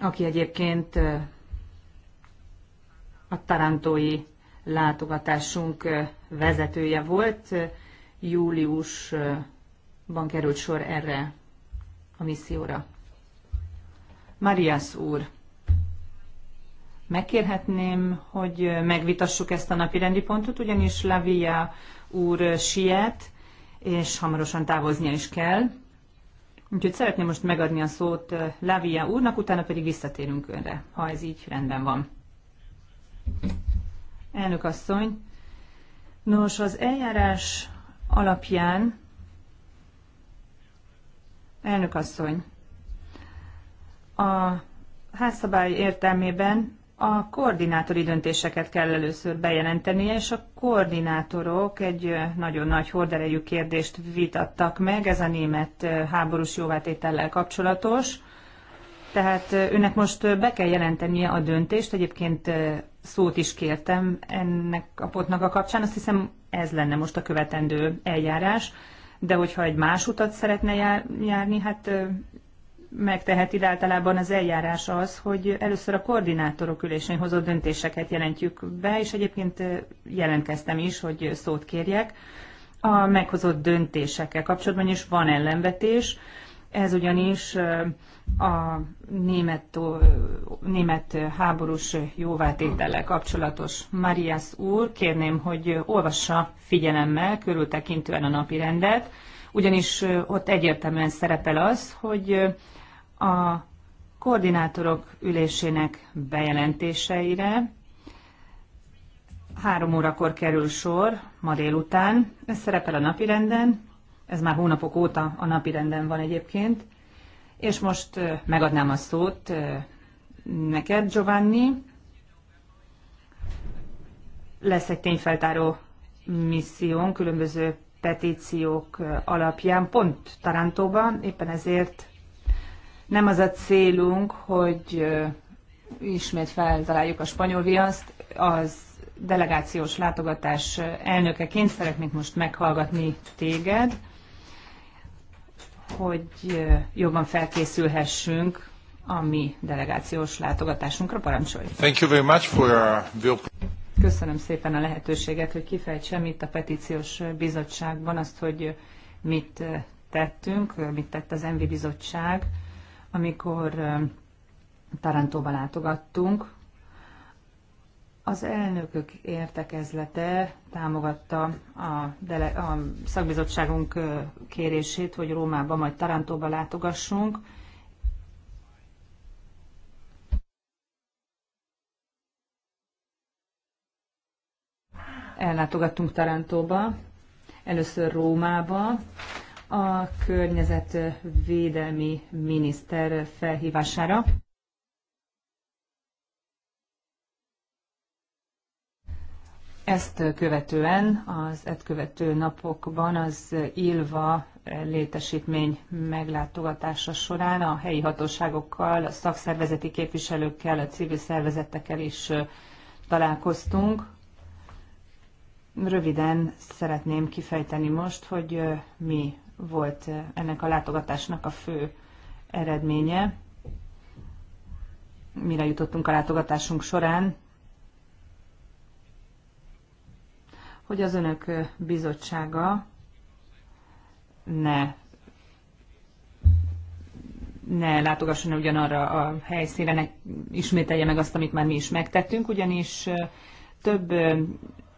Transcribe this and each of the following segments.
aki egyébként a tarantói látogatásunk vezetője volt. Júliusban került sor erre a misszióra. Marias úr, megkérhetném, hogy megvitassuk ezt a napi rendi pontot, ugyanis Lavia úr siet, és hamarosan távoznia is kell. Úgyhogy szeretném most megadni a szót Lavia úrnak, utána pedig visszatérünk önre, ha ez így rendben van. Elnök asszony, nos, az eljárás alapján, elnök asszony, a házszabály értelmében a koordinátori döntéseket kell először bejelentenie, és a koordinátorok egy nagyon nagy horderejű kérdést vitattak meg, ez a német háborús jóvátétellel kapcsolatos. Tehát önnek most be kell jelentenie a döntést, egyébként szót is kértem ennek a pontnak a kapcsán, azt hiszem ez lenne most a követendő eljárás, de hogyha egy más utat szeretne jár, járni, hát megteheti, de általában az eljárás az, hogy először a koordinátorok ülésén hozott döntéseket jelentjük be, és egyébként jelentkeztem is, hogy szót kérjek. A meghozott döntésekkel kapcsolatban is van ellenvetés, ez ugyanis a német, német háborús jóvátétellel kapcsolatos Marias úr. Kérném, hogy olvassa figyelemmel, körültekintően a napi rendet, ugyanis ott egyértelműen szerepel az, hogy a koordinátorok ülésének bejelentéseire. Három órakor kerül sor ma délután. Ez szerepel a napirenden, ez már hónapok óta a napirenden van egyébként. És most megadnám a szót neked, Giovanni. Lesz egy tényfeltáró misszión különböző petíciók alapján, pont Tarantóban, éppen ezért nem az a célunk, hogy ismét feltaláljuk a spanyol viaszt, az delegációs látogatás elnökeként szeretnék most meghallgatni téged, hogy jobban felkészülhessünk a mi delegációs látogatásunkra. Parancsolj! Thank you very much for your... Uh, Köszönöm szépen a lehetőséget, hogy kifejtsem itt a petíciós bizottságban azt, hogy mit tettünk, mit tett az Envi Bizottság amikor Tarantóba látogattunk, az elnökök értekezlete támogatta a, dele, a szakbizottságunk kérését, hogy Rómába, majd Tarantóba látogassunk. Ellátogattunk Tarantóba, először Rómába, a környezetvédelmi miniszter felhívására. Ezt követően az ezt követő napokban az Ilva létesítmény meglátogatása során a helyi hatóságokkal, a szakszervezeti képviselőkkel, a civil szervezetekkel is találkoztunk. Röviden szeretném kifejteni most, hogy mi volt eh, ennek a látogatásnak a fő eredménye. Mire jutottunk a látogatásunk során? Hogy az önök eh, bizottsága ne ne látogasson ugyanarra a helyszínre, ne ismételje meg azt, amit már mi is megtettünk, ugyanis eh, több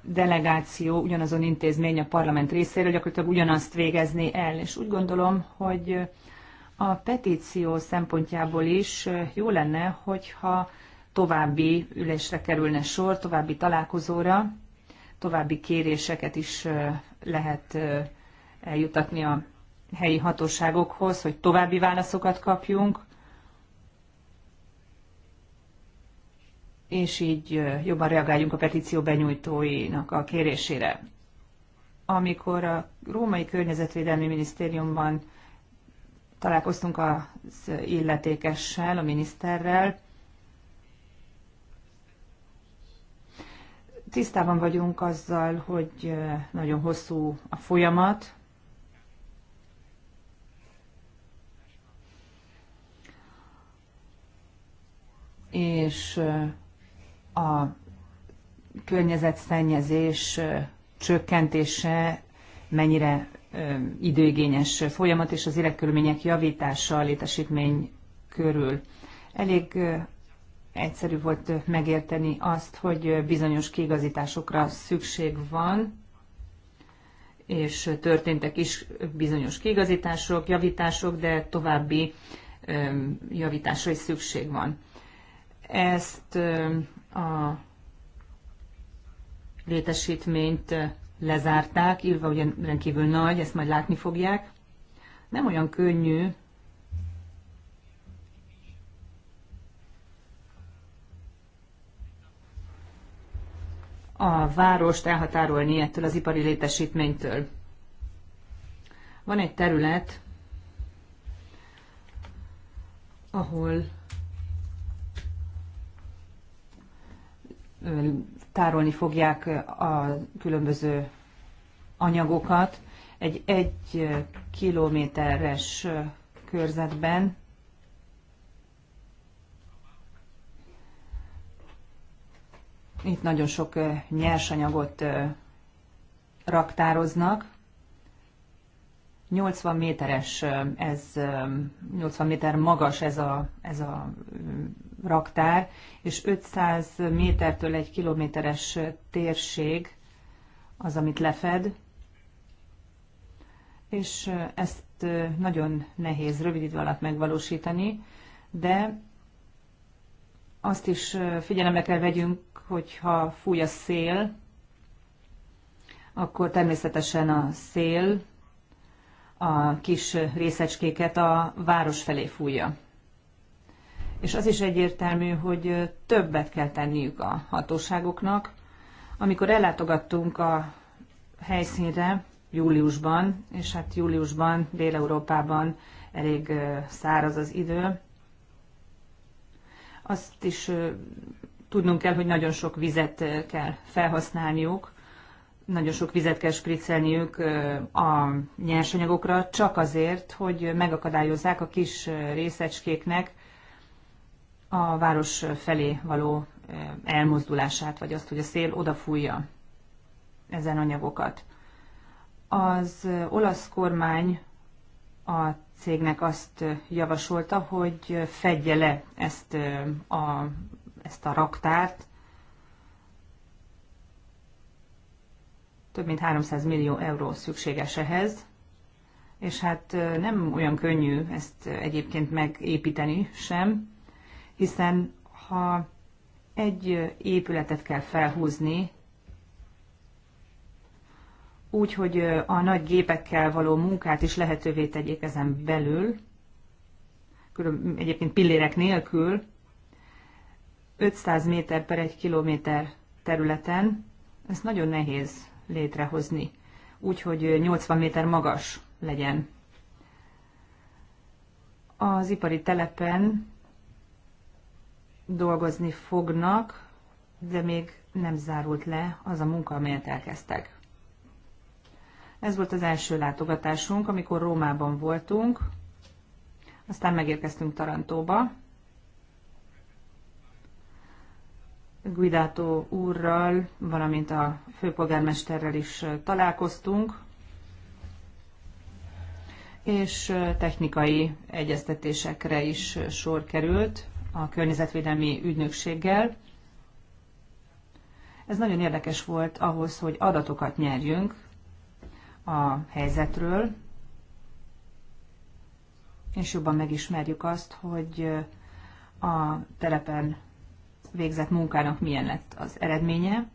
delegáció, ugyanazon intézmény a parlament részéről gyakorlatilag ugyanazt végezni el. És úgy gondolom, hogy a petíció szempontjából is jó lenne, hogyha további ülésre kerülne sor, további találkozóra, további kéréseket is lehet eljutatni a helyi hatóságokhoz, hogy további válaszokat kapjunk, és így jobban reagáljunk a petíció benyújtóinak a kérésére. Amikor a Római Környezetvédelmi Minisztériumban találkoztunk az illetékessel, a miniszterrel, tisztában vagyunk azzal, hogy nagyon hosszú a folyamat, és a környezetszennyezés csökkentése mennyire időigényes folyamat, és az életkörülmények javítása a létesítmény körül. Elég egyszerű volt megérteni azt, hogy bizonyos kiigazításokra szükség van, és történtek is bizonyos kiigazítások, javítások, de további javításra is szükség van. Ezt a létesítményt eh, lezárták, írva ugye rendkívül nagy, ezt majd látni fogják. Nem olyan könnyű a várost elhatárolni ettől az ipari létesítménytől. Van egy terület, ahol tárolni fogják a különböző anyagokat. Egy egy kilométeres körzetben itt nagyon sok nyersanyagot raktároznak. 80 méteres, ez 80 méter magas ez a, ez a raktár, és 500 métertől egy kilométeres térség az, amit lefed, és ezt nagyon nehéz rövid idő alatt megvalósítani, de azt is figyelembe kell vegyünk, hogyha fúj a szél, akkor természetesen a szél a kis részecskéket a város felé fújja és az is egyértelmű, hogy többet kell tenniük a hatóságoknak. Amikor ellátogattunk a helyszínre júliusban, és hát júliusban Dél-Európában elég száraz az idő, azt is tudnunk kell, hogy nagyon sok vizet kell felhasználniuk, nagyon sok vizet kell spricelniük a nyersanyagokra, csak azért, hogy megakadályozzák a kis részecskéknek, a város felé való eh, elmozdulását, vagy azt, hogy a szél odafújja ezen anyagokat. Az eh, olasz kormány a cégnek azt eh, javasolta, hogy fedje le ezt a, ezt a raktárt. Több mint 300 millió euró szükséges ehhez, és hát nem olyan könnyű ezt egyébként megépíteni sem, hiszen ha egy épületet kell felhúzni, úgy, hogy a nagy gépekkel való munkát is lehetővé tegyék ezen belül, egyébként pillérek nélkül, 500 méter per egy kilométer területen, ez nagyon nehéz létrehozni, úgyhogy 80 méter magas legyen. Az ipari telepen dolgozni fognak, de még nem zárult le az a munka, amelyet elkezdtek. Ez volt az első látogatásunk, amikor Rómában voltunk, aztán megérkeztünk Tarantóba. Guidato úrral, valamint a főpolgármesterrel is találkoztunk, és technikai egyeztetésekre is sor került a környezetvédelmi ügynökséggel. Ez nagyon érdekes volt ahhoz, hogy adatokat nyerjünk a helyzetről, és jobban megismerjük azt, hogy a telepen végzett munkának milyen lett az eredménye,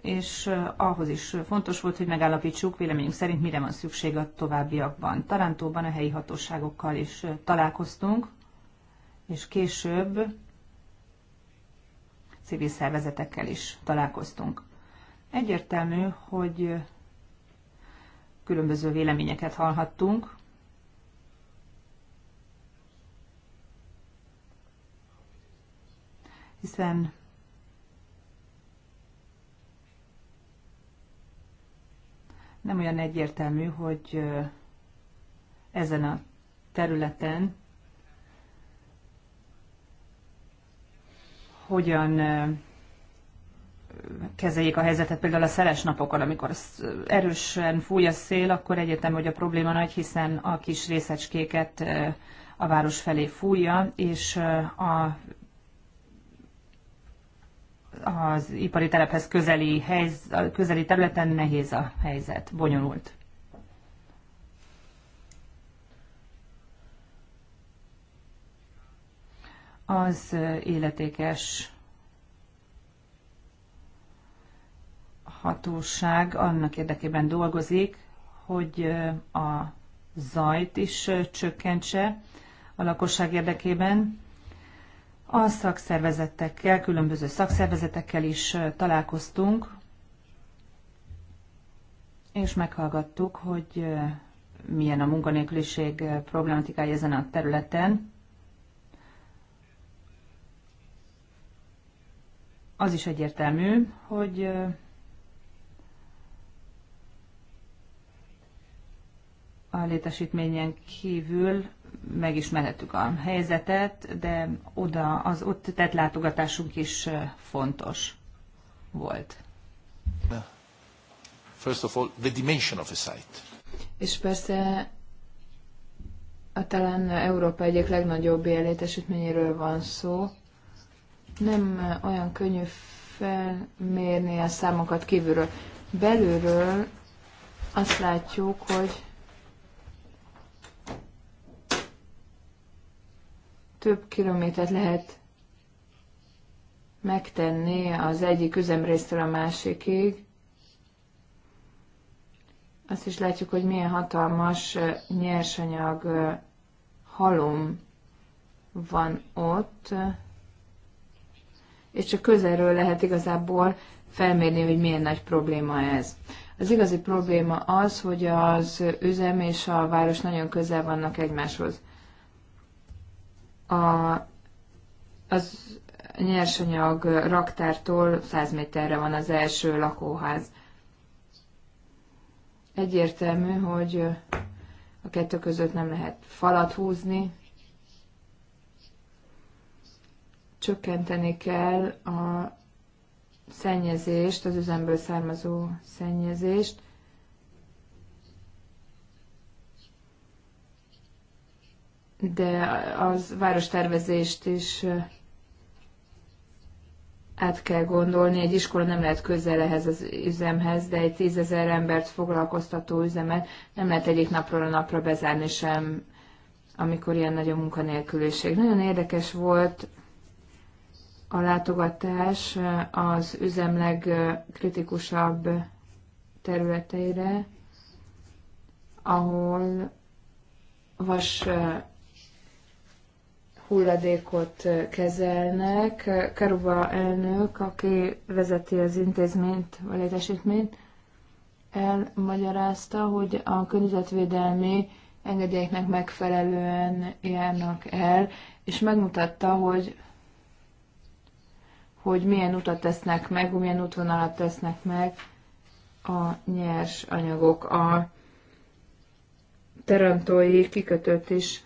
és eh, ahhoz is fontos volt, hogy megállapítsuk véleményünk szerint mire van szükség a továbbiakban. Tarantóban a helyi hatóságokkal is eh, találkoztunk, és később civil szervezetekkel is találkoztunk. Egyértelmű, hogy különböző véleményeket hallhattunk, hiszen nem olyan egyértelmű, hogy ezen a területen hogyan kezeljék a helyzetet például a szeles napokon, amikor erősen fúj a szél, akkor egyetem, hogy a probléma nagy, hiszen a kis részecskéket a város felé fújja, és a az ipari telephez közeli, helyz, közeli területen nehéz a helyzet, bonyolult. az életékes hatóság annak érdekében dolgozik, hogy a zajt is csökkentse a lakosság érdekében. A szakszervezetekkel, különböző szakszervezetekkel is találkoztunk, és meghallgattuk, hogy milyen a munkanélküliség problematikája ezen a területen. az is egyértelmű, hogy a létesítményen kívül megismerhetük a helyzetet, de oda az ott tett látogatásunk is fontos volt. First of all, the dimension of a site. És persze a talán Európa egyik legnagyobb létesítményéről van szó, nem olyan könnyű felmérni a számokat kívülről. Belülről azt látjuk, hogy több kilométert lehet megtenni az egyik üzemrésztől a másikig. Azt is látjuk, hogy milyen hatalmas nyersanyag halom van ott és csak közelről lehet igazából felmérni, hogy milyen nagy probléma ez. Az igazi probléma az, hogy az üzem és a város nagyon közel vannak egymáshoz. A, az nyersanyag raktártól 100 méterre van az első lakóház. Egyértelmű, hogy a kettő között nem lehet falat húzni, csökkenteni kell a szennyezést, az üzemből származó szennyezést. De az várostervezést is át kell gondolni. Egy iskola nem lehet közel ehhez az üzemhez, de egy tízezer embert foglalkoztató üzemet nem lehet egyik napról a napra bezárni sem, amikor ilyen nagy a munkanélküliség. Nagyon érdekes volt a látogatás az üzem legkritikusabb területeire, ahol vas hulladékot kezelnek. Karuba elnök, aki vezeti az intézményt, a létesítményt, elmagyarázta, hogy a környezetvédelmi engedélyeknek megfelelően járnak el, és megmutatta, hogy hogy milyen utat tesznek meg, milyen útvonalat tesznek meg a nyers anyagok. A terantói kikötőt is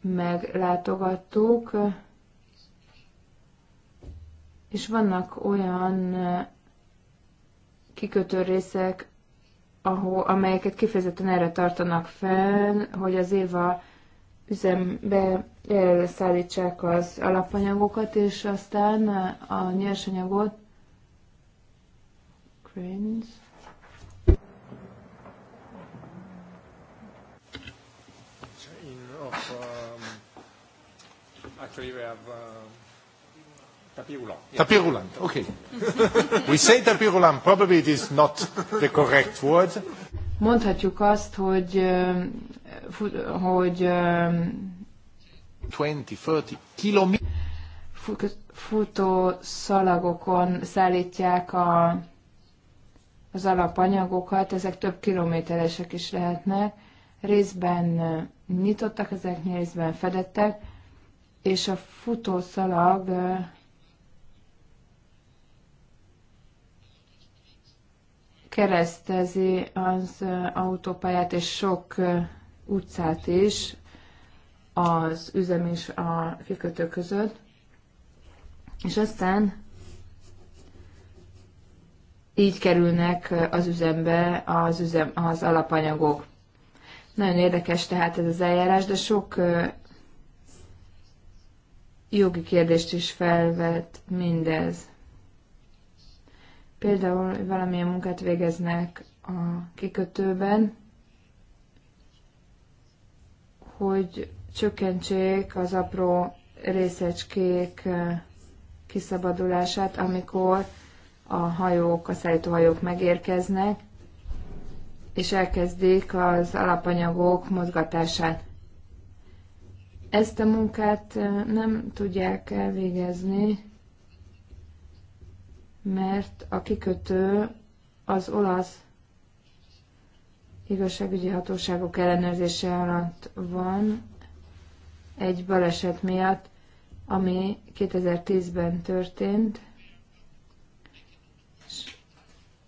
meglátogattuk, és vannak olyan kikötő részek, ahol, amelyeket kifejezetten erre tartanak fel, hogy az Éva üzembe szállítsák az alapanyagokat, és aztán a nyersanyagot cringe. Of, um, actually, we have uh, Tapirulan. Yeah. okay. we say tapirulan, probably it is not the correct word. Mondhatjuk azt, hogy, hogy Futó szalagokon szállítják a, az alapanyagokat, ezek több kilométeresek is lehetnek, részben nyitottak, ezek részben fedettek, és a futószalag keresztezi az autópályát és sok utcát is, az üzem és a kikötő között, és aztán így kerülnek az üzembe az, üzem, az alapanyagok. Nagyon érdekes tehát ez az eljárás, de sok jogi kérdést is felvet mindez. Például valamilyen munkát végeznek a kikötőben, hogy csökkentsék az apró részecskék kiszabadulását, amikor a hajók, a szállítóhajók megérkeznek, és elkezdik az alapanyagok mozgatását. Ezt a munkát nem tudják elvégezni, mert a kikötő az olasz igazságügyi hatóságok ellenőrzése alatt van, egy baleset miatt, ami 2010-ben történt,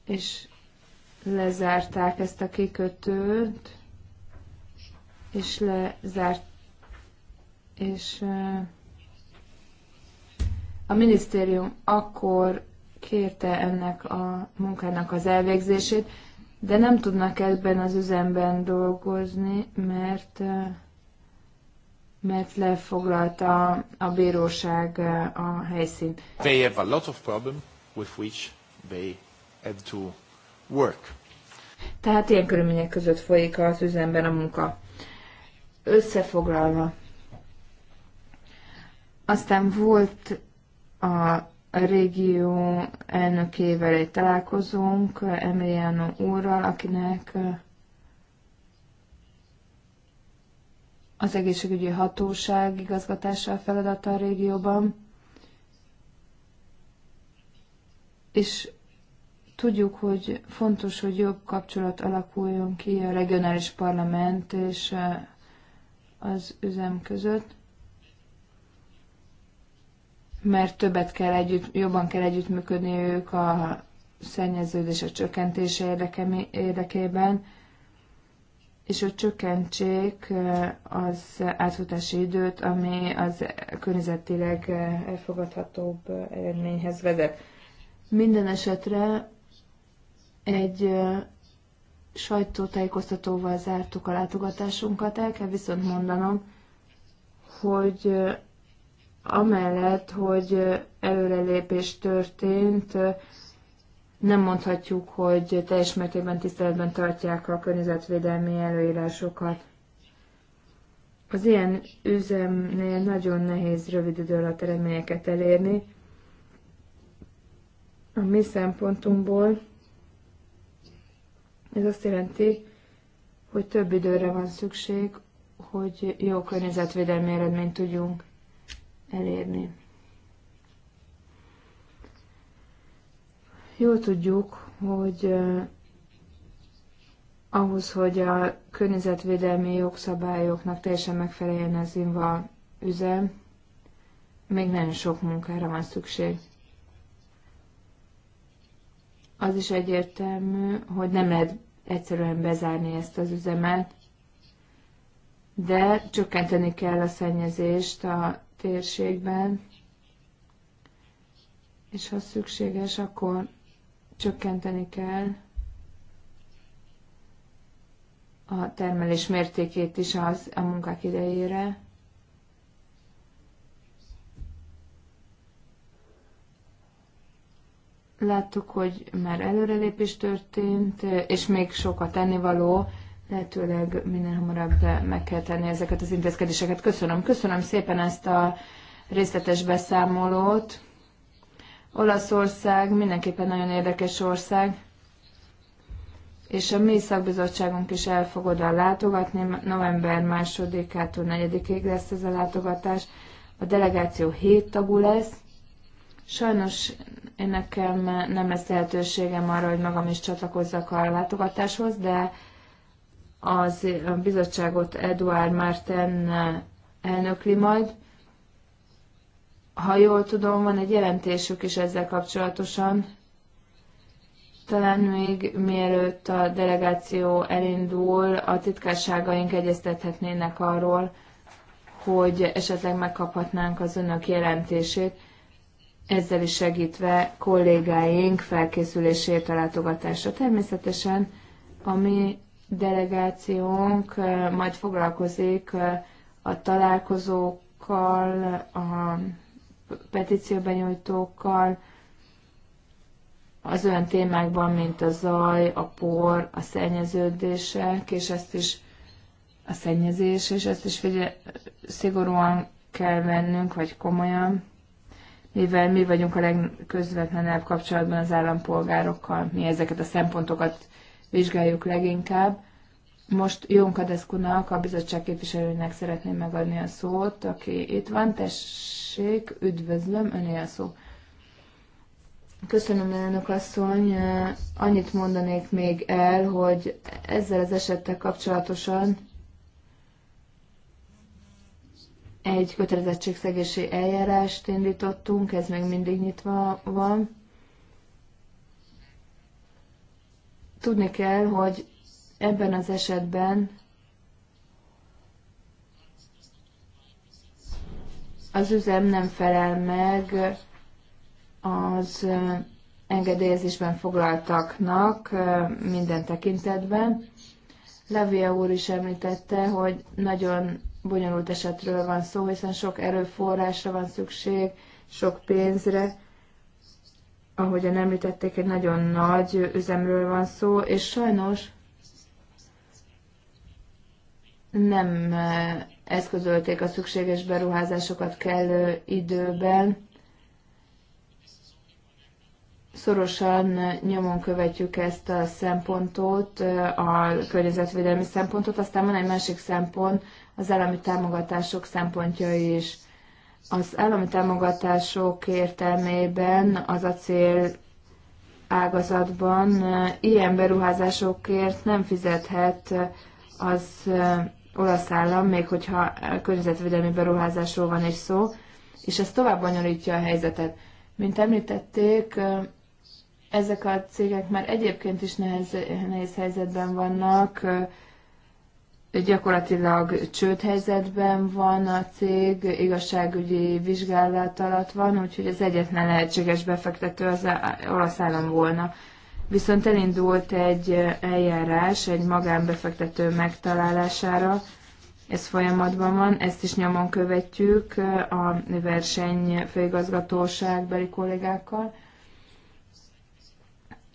és lezárták ezt a kikötőt, és lezárt, és eh, a minisztérium akkor kérte ennek a munkának az elvégzését, de nem tudnak ebben az üzemben dolgozni, mert eh, mert lefoglalta a bíróság eh, a helyszínt. They have a lot of problem with which they had to work. Tehát ilyen körülmények között folyik az üzemben a munka. Összefoglalva. Aztán volt a régió elnökével egy találkozónk, Emiliano úrral, akinek eh, az egészségügyi hatóság igazgatása a feladata a régióban, és tudjuk, hogy fontos, hogy jobb kapcsolat alakuljon ki a regionális parlament és az üzem között, mert többet kell együtt, jobban kell együttműködni ők a a csökkentése érdekében, és hogy csökkentsék az átfutási időt, ami az környezetileg elfogadhatóbb eredményhez vezet. Minden esetre egy sajtótájékoztatóval zártuk a látogatásunkat, el kell viszont mondanom, hogy amellett, hogy előrelépés történt, nem mondhatjuk, hogy teljes mértékben tiszteletben tartják a környezetvédelmi előírásokat. Az ilyen üzemnél nagyon nehéz rövid idő alatt eredményeket elérni. A mi szempontunkból ez azt jelenti, hogy több időre van szükség, hogy jó környezetvédelmi eredményt tudjunk elérni. Jól tudjuk, hogy ahhoz, hogy a környezetvédelmi jogszabályoknak teljesen megfeleljen az inva üzem, még nagyon sok munkára van szükség. Az is egyértelmű, hogy nem lehet egyszerűen bezárni ezt az üzemet, de csökkenteni kell a szennyezést a térségben, és ha szükséges, akkor csökkenteni kell a termelés mértékét is az, a munkák idejére. Láttuk, hogy már előrelépés történt, és még sokat tennivaló, lehetőleg minél hamarabb meg kell tenni ezeket az intézkedéseket. Köszönöm. Köszönöm szépen ezt a részletes beszámolót. Olaszország mindenképpen nagyon érdekes ország, és a mi szakbizottságunk is el fog oda látogatni. November 2-től 4-ig lesz ez a látogatás. A delegáció hét tagú lesz. Sajnos én nekem nem lesz lehetőségem arra, hogy magam is csatlakozzak a látogatáshoz, de az a bizottságot Eduard Márten elnökli majd, ha jól tudom, van egy jelentésük is ezzel kapcsolatosan. Talán még mielőtt a delegáció elindul, a titkárságaink egyeztethetnének arról, hogy esetleg megkaphatnánk az önök jelentését, ezzel is segítve kollégáink felkészülését a látogatásra. Természetesen a mi delegációnk majd foglalkozik a találkozókkal, a petícióbenyújtókkal az olyan témákban, mint a zaj, a por, a szennyeződések, és ezt is a szennyezés, és ezt is figyel, szigorúan kell vennünk, vagy komolyan, mivel mi vagyunk a legközvetlenebb kapcsolatban az állampolgárokkal, mi ezeket a szempontokat vizsgáljuk leginkább. Most Jónka Deszkunak, a bizottság képviselőnek szeretném megadni a szót, aki itt van. Tessék, üdvözlöm, öné a szó. Köszönöm, elnök asszony. Annyit mondanék még el, hogy ezzel az esettel kapcsolatosan egy kötelezettségszegési eljárást indítottunk, ez még mindig nyitva van. Tudni kell, hogy Ebben az esetben az üzem nem felel meg az engedélyezésben foglaltaknak minden tekintetben. Levia úr is említette, hogy nagyon bonyolult esetről van szó, hiszen sok erőforrásra van szükség, sok pénzre. Ahogyan említették, egy nagyon nagy üzemről van szó, és sajnos nem eh, eszközölték a szükséges beruházásokat kellő időben. Szorosan nyomon követjük ezt a szempontot, eh, a környezetvédelmi szempontot, aztán van egy másik szempont, az állami támogatások szempontja is. Az állami támogatások értelmében az cél ágazatban eh, ilyen beruházásokért nem fizethet az olasz állam, még hogyha környezetvédelmi beruházásról van egy szó, és ez tovább bonyolítja a helyzetet. Mint említették, ezek a cégek már egyébként is nehéz, nehéz helyzetben vannak, gyakorlatilag helyzetben van a cég, igazságügyi vizsgálat alatt van, úgyhogy az egyetlen lehetséges befektető az olasz állam volna viszont elindult egy eljárás egy magánbefektető megtalálására, ez folyamatban van, ezt is nyomon követjük a verseny beli kollégákkal,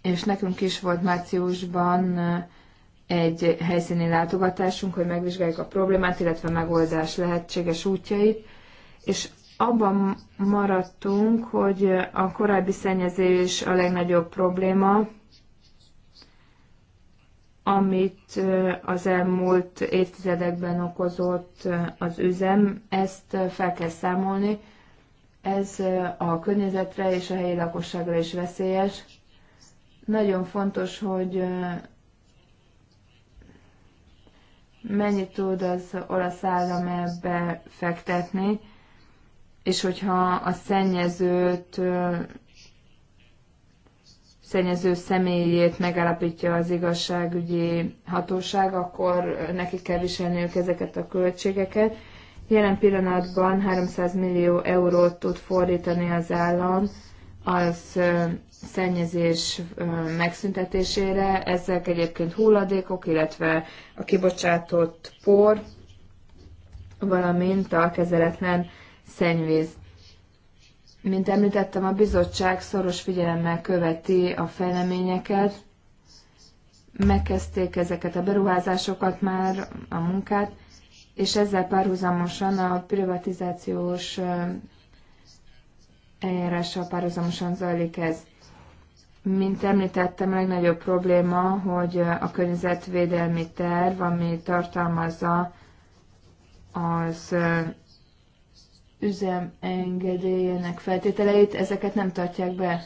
és nekünk is volt márciusban egy helyszíni látogatásunk, hogy megvizsgáljuk a problémát, illetve a megoldás lehetséges útjait, és abban maradtunk, hogy a korábbi szennyezés a legnagyobb probléma, amit az elmúlt évtizedekben okozott az üzem, ezt fel kell számolni. Ez a környezetre és a helyi lakosságra is veszélyes. Nagyon fontos, hogy mennyit tud az olasz állam ebbe fektetni, és hogyha a szennyezőt szennyező személyét megállapítja az igazságügyi hatóság, akkor nekik kell viselniük ezeket a költségeket. Jelen pillanatban 300 millió eurót tud fordítani az állam az szennyezés megszüntetésére. Ezek egyébként hulladékok, illetve a kibocsátott por, valamint a kezeletlen szennyvíz. Mint említettem, a bizottság szoros figyelemmel követi a fejleményeket. Megkezdték ezeket a beruházásokat már, a munkát, és ezzel párhuzamosan a privatizációs eljárással párhuzamosan zajlik ez. Mint említettem, a legnagyobb probléma, hogy a környezetvédelmi terv, ami tartalmazza az üzemengedélyének feltételeit, ezeket nem tartják be.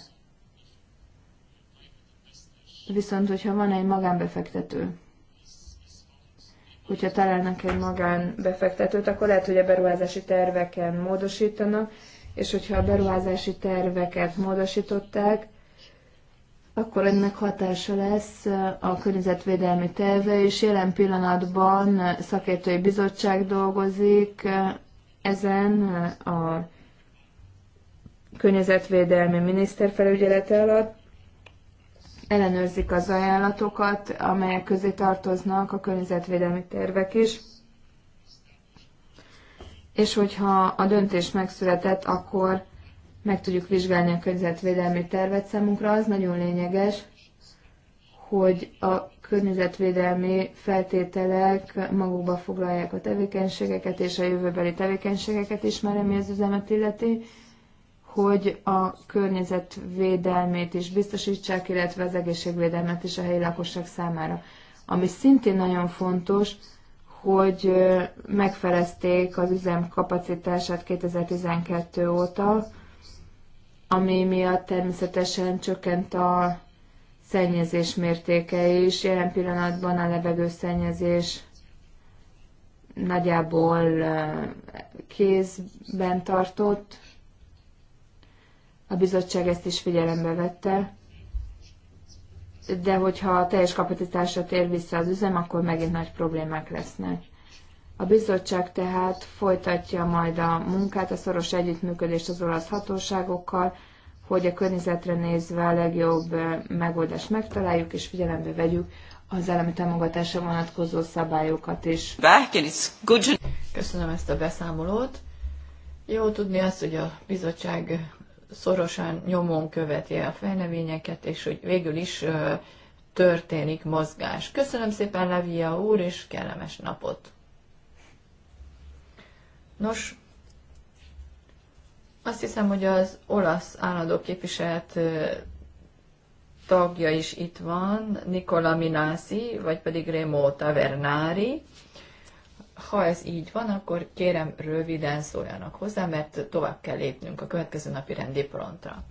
Viszont, hogyha van egy magánbefektető, hogyha találnak egy magánbefektetőt, akkor lehet, hogy a beruházási terveken módosítanak, és hogyha a beruházási terveket módosították, akkor ennek hatása lesz a környezetvédelmi terve, és jelen pillanatban szakértői bizottság dolgozik ezen a környezetvédelmi miniszter felügyelete alatt ellenőrzik az ajánlatokat, amelyek közé tartoznak a környezetvédelmi tervek is, és hogyha a döntés megszületett, akkor meg tudjuk vizsgálni a környezetvédelmi tervet számunkra. Az nagyon lényeges, hogy a környezetvédelmi feltételek magukba foglalják a tevékenységeket és a jövőbeli tevékenységeket is, már ami az üzemet illeti, hogy a környezetvédelmét is biztosítsák, illetve az egészségvédelmet is a helyi lakosság számára. Ami szintén nagyon fontos, hogy megfelezték az üzem kapacitását 2012 óta, ami miatt természetesen csökkent a szennyezés mértéke is. Jelen pillanatban a levegőszennyezés nagyjából kézben tartott. A bizottság ezt is figyelembe vette, de hogyha a teljes kapacitásra tér vissza az üzem, akkor megint nagy problémák lesznek. A bizottság tehát folytatja majd a munkát, a szoros együttműködést az olasz hatóságokkal, hogy a környezetre nézve a legjobb megoldást megtaláljuk, és figyelembe vegyük az elemi támogatásra vonatkozó szabályokat is. Köszönöm ezt a beszámolót. Jó tudni azt, hogy a bizottság szorosan nyomon követi a fejleményeket, és hogy végül is történik mozgás. Köszönöm szépen, Levia úr, és kellemes napot! Nos, azt hiszem, hogy az olasz állandó képviselt tagja is itt van, Nicola Minasi, vagy pedig Remo Tavernari. Ha ez így van, akkor kérem röviden szóljanak hozzá, mert tovább kell lépnünk a következő napi rendi pontra.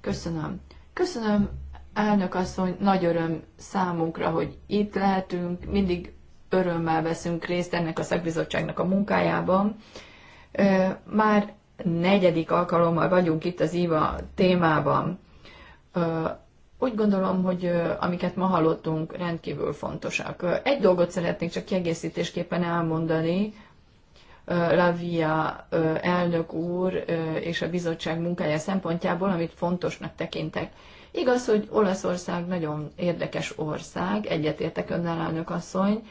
Köszönöm. Köszönöm, elnök asszony, nagy öröm számunkra, hogy itt lehetünk, mindig örömmel veszünk részt ennek a szakbizottságnak a munkájában. Már negyedik alkalommal vagyunk itt az IVA témában. Úgy gondolom, hogy amiket ma hallottunk, rendkívül fontosak. Egy dolgot szeretnék csak kiegészítésképpen elmondani, Lavia elnök úr és a bizottság munkája szempontjából, amit fontosnak tekintek. Igaz, hogy Olaszország nagyon érdekes ország, egyetértek önnel elnök asszony.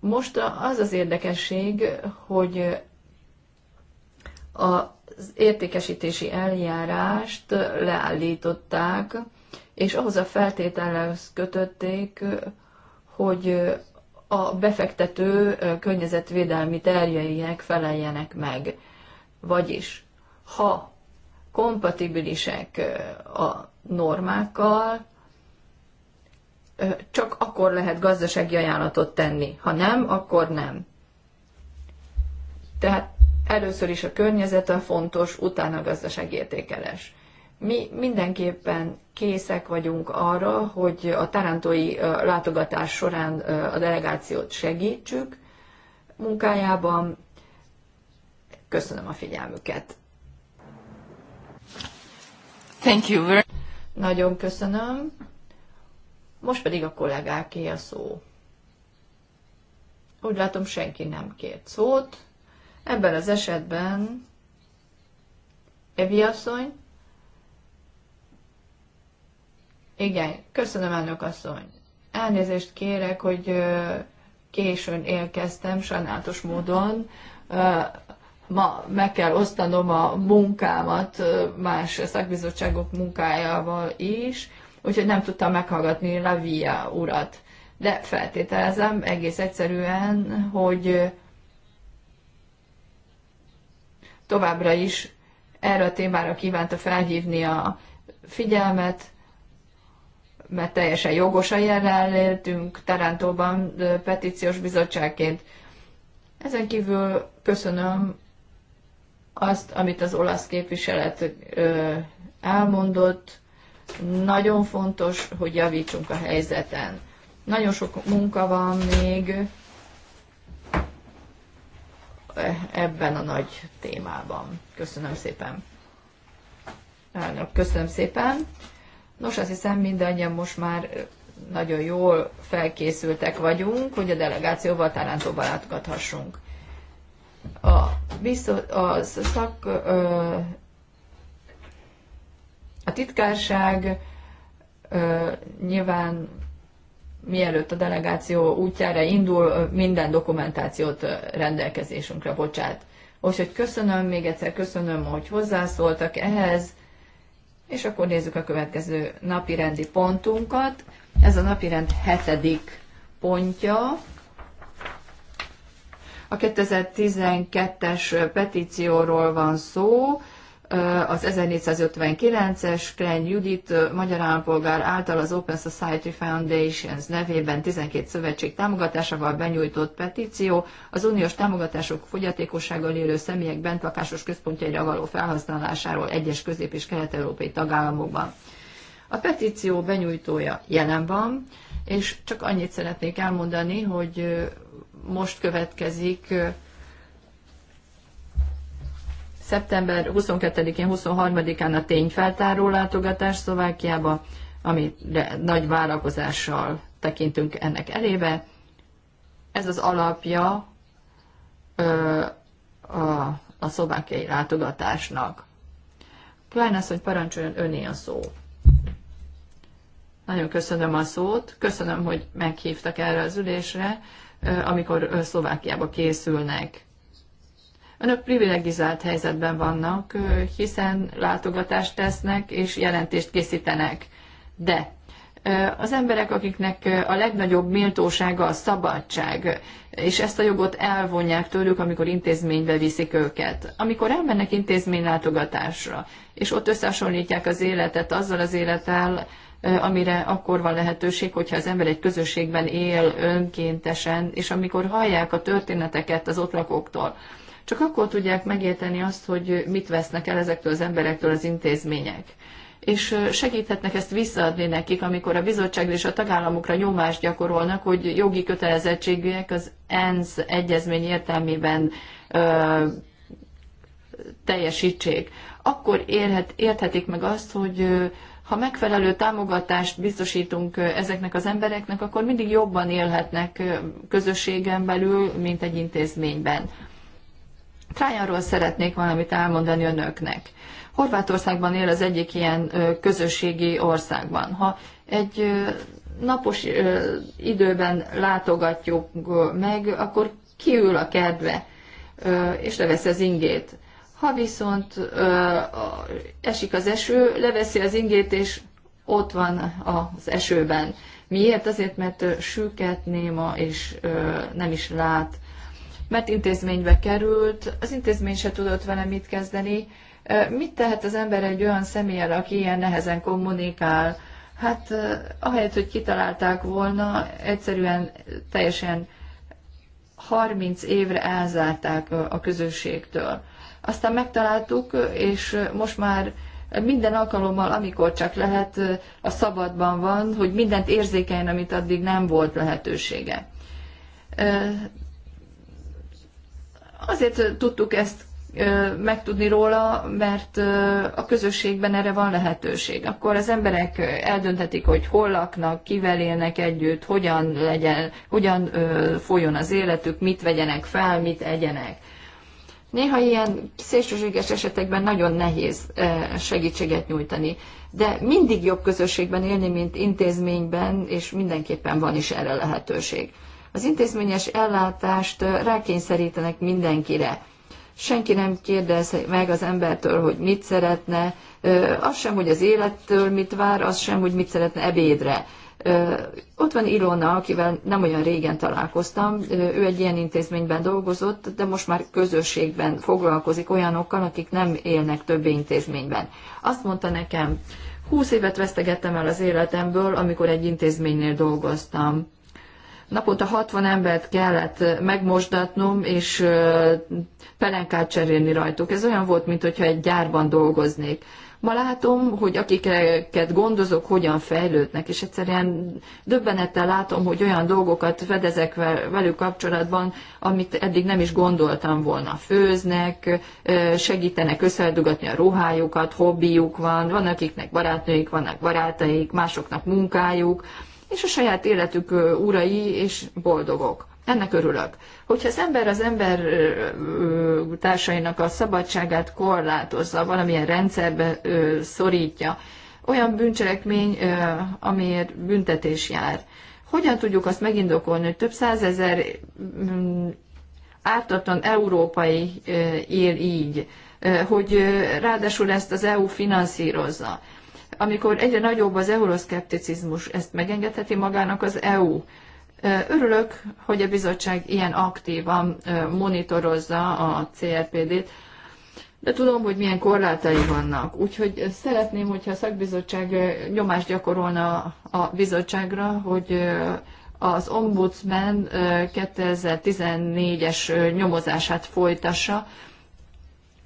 Most az az érdekesség, hogy az értékesítési eljárást leállították, és ahhoz a feltételhez kötötték, hogy a befektető környezetvédelmi terjeinek feleljenek meg. Vagyis, ha kompatibilisek a normákkal, csak akkor lehet gazdasági ajánlatot tenni. Ha nem, akkor nem. Tehát Először is a környezet a fontos, utána a gazdaság értékeles. Mi mindenképpen készek vagyunk arra, hogy a tarantói látogatás során a delegációt segítsük munkájában. Köszönöm a figyelmüket. Thank you very Nagyon köszönöm. Most pedig a kollégáké a szó. Úgy látom, senki nem kért szót. Ebben az esetben Evi asszony, igen, köszönöm elnök asszony. Elnézést kérek, hogy későn érkeztem, sajnálatos módon. Ma meg kell osztanom a munkámat más szakbizottságok munkájával is, úgyhogy nem tudtam meghallgatni Lavia urat. De feltételezem egész egyszerűen, hogy továbbra is erre a témára kívánta felhívni a figyelmet, mert teljesen jogosan jelenléltünk Tarantóban petíciós bizottságként. Ezen kívül köszönöm azt, amit az olasz képviselet elmondott. Nagyon fontos, hogy javítsunk a helyzeten. Nagyon sok munka van még, ebben a nagy témában. Köszönöm szépen. Elnök, köszönöm szépen. Nos, azt hiszem mindannyian most már nagyon jól felkészültek vagyunk, hogy a delegációval Tarantóba látogathassunk. A, a szak, a titkárság nyilván mielőtt a delegáció útjára indul, minden dokumentációt rendelkezésünkre bocsát. Úgyhogy köszönöm, még egyszer köszönöm, hogy hozzászóltak ehhez, és akkor nézzük a következő napi rendi pontunkat. Ez a napi rend hetedik pontja. A 2012-es petícióról van szó, az 1459-es Kren Judit magyar állampolgár által az Open Society Foundations nevében 12 szövetség támogatásával benyújtott petíció az uniós támogatások fogyatékossággal élő személyek bentlakásos központjaira való felhasználásáról egyes közép- és kelet-európai tagállamokban. A petíció benyújtója jelen van, és csak annyit szeretnék elmondani, hogy most következik szeptember 22-én, 23-án a tényfeltáró látogatás Szlovákiába, amire nagy várakozással tekintünk ennek elébe. Ez az alapja ö, a, a szlovákiai látogatásnak. Klein hogy parancsoljon öné a szó. Nagyon köszönöm a szót, köszönöm, hogy meghívtak erre az ülésre, amikor Szlovákiába készülnek. Önök privilegizált helyzetben vannak, hiszen látogatást tesznek és jelentést készítenek. De az emberek, akiknek a legnagyobb méltósága a szabadság, és ezt a jogot elvonják tőlük, amikor intézménybe viszik őket. Amikor elmennek intézménylátogatásra, és ott összehasonlítják az életet azzal az élettel, amire akkor van lehetőség, hogyha az ember egy közösségben él önkéntesen, és amikor hallják a történeteket az ott lakóktól, csak akkor tudják megérteni azt, hogy mit vesznek el ezektől az emberektől az intézmények. És segíthetnek ezt visszaadni nekik, amikor a bizottság és a tagállamokra nyomást gyakorolnak, hogy jogi kötelezettségűek az ENSZ egyezmény értelmében ö, teljesítsék. Akkor érhet, érthetik meg azt, hogy ha megfelelő támogatást biztosítunk ezeknek az embereknek, akkor mindig jobban élhetnek közösségen belül, mint egy intézményben. Trájanról szeretnék valamit elmondani önöknek. Horvátországban él az egyik ilyen közösségi országban. Ha egy napos időben látogatjuk meg, akkor kiül a kedve, és leveszi az ingét. Ha viszont esik az eső, leveszi az ingét, és ott van az esőben. Miért? Azért, mert süket, néma, és nem is lát mert intézménybe került, az intézmény se tudott vele mit kezdeni. Mit tehet az ember egy olyan személyel, aki ilyen nehezen kommunikál? Hát ahelyett, hogy kitalálták volna, egyszerűen teljesen 30 évre elzárták a közösségtől. Aztán megtaláltuk, és most már minden alkalommal, amikor csak lehet, a szabadban van, hogy mindent érzékeljen, amit addig nem volt lehetősége. Azért tudtuk ezt megtudni róla, mert a közösségben erre van lehetőség. Akkor az emberek eldönthetik, hogy hol laknak, kivel élnek együtt, hogyan, legyen, hogyan folyjon az életük, mit vegyenek fel, mit egyenek. Néha ilyen szélsőséges esetekben nagyon nehéz segítséget nyújtani, de mindig jobb közösségben élni, mint intézményben, és mindenképpen van is erre lehetőség. Az intézményes ellátást rákényszerítenek mindenkire. Senki nem kérdez meg az embertől, hogy mit szeretne, az sem, hogy az élettől mit vár, az sem, hogy mit szeretne ebédre. Ott van Ilona, akivel nem olyan régen találkoztam, ő egy ilyen intézményben dolgozott, de most már közösségben foglalkozik olyanokkal, akik nem élnek több intézményben. Azt mondta nekem, 20 évet vesztegettem el az életemből, amikor egy intézménynél dolgoztam. Naponta 60 embert kellett megmosdatnom, és pelenkát cserélni rajtuk. Ez olyan volt, mintha egy gyárban dolgoznék. Ma látom, hogy akiket gondozok, hogyan fejlődnek, és egyszerűen döbbenettel látom, hogy olyan dolgokat fedezek velük kapcsolatban, amit eddig nem is gondoltam volna. Főznek, segítenek összedugatni a ruhájukat, hobbiuk van, van akiknek barátnőik, vannak barátaik, másoknak munkájuk, és a saját életük urai és boldogok. Ennek örülök. Hogyha az ember az ember társainak a szabadságát korlátozza, valamilyen rendszerbe szorítja, olyan bűncselekmény, amiért büntetés jár. Hogyan tudjuk azt megindokolni, hogy több százezer mm, ártatlan európai él így, hogy ráadásul ezt az EU finanszírozza amikor egyre nagyobb az euroszkepticizmus, ezt megengedheti magának az EU. Örülök, hogy a bizottság ilyen aktívan monitorozza a CRPD-t, de tudom, hogy milyen korlátai vannak. Úgyhogy szeretném, hogyha a szakbizottság nyomást gyakorolna a bizottságra, hogy az ombudsman 2014-es nyomozását folytassa,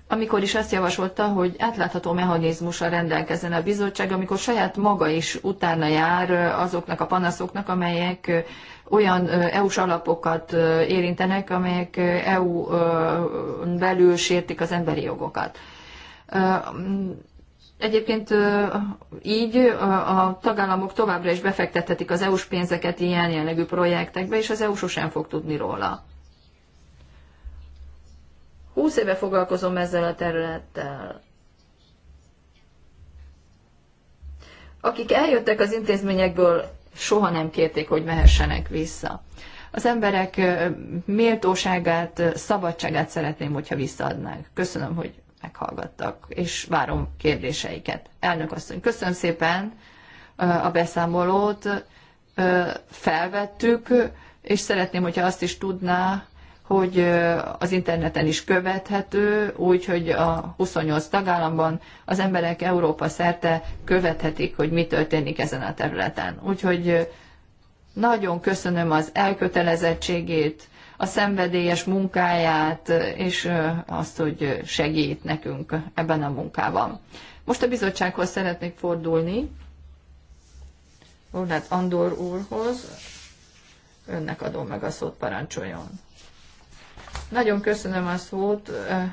amikor is azt javasolta, hogy átlátható mechanizmusra rendelkezzen a bizottság, amikor saját maga is utána jár azoknak a panaszoknak, amelyek olyan EU-s alapokat érintenek, amelyek EU belül sértik az emberi jogokat. Egyébként így a tagállamok továbbra is befektethetik az EU-s pénzeket ilyen jellegű projektekbe, és az EU sosem fog tudni róla. 20 éve foglalkozom ezzel a területtel. Akik eljöttek az intézményekből, soha nem kérték, hogy mehessenek vissza. Az emberek méltóságát, szabadságát szeretném, hogyha visszaadnák. Köszönöm, hogy meghallgattak, és várom kérdéseiket. Elnök asszony, köszönöm szépen a beszámolót, felvettük, és szeretném, hogyha azt is tudná, hogy az interneten is követhető, úgyhogy a 28 tagállamban az emberek Európa szerte követhetik, hogy mi történik ezen a területen. Úgyhogy nagyon köszönöm az elkötelezettségét, a szenvedélyes munkáját, és azt, hogy segít nekünk ebben a munkában. Most a bizottsághoz szeretnék fordulni, Ornát Andor úrhoz. Önnek adom meg a szót, parancsoljon. Nagyon köszönöm a szót,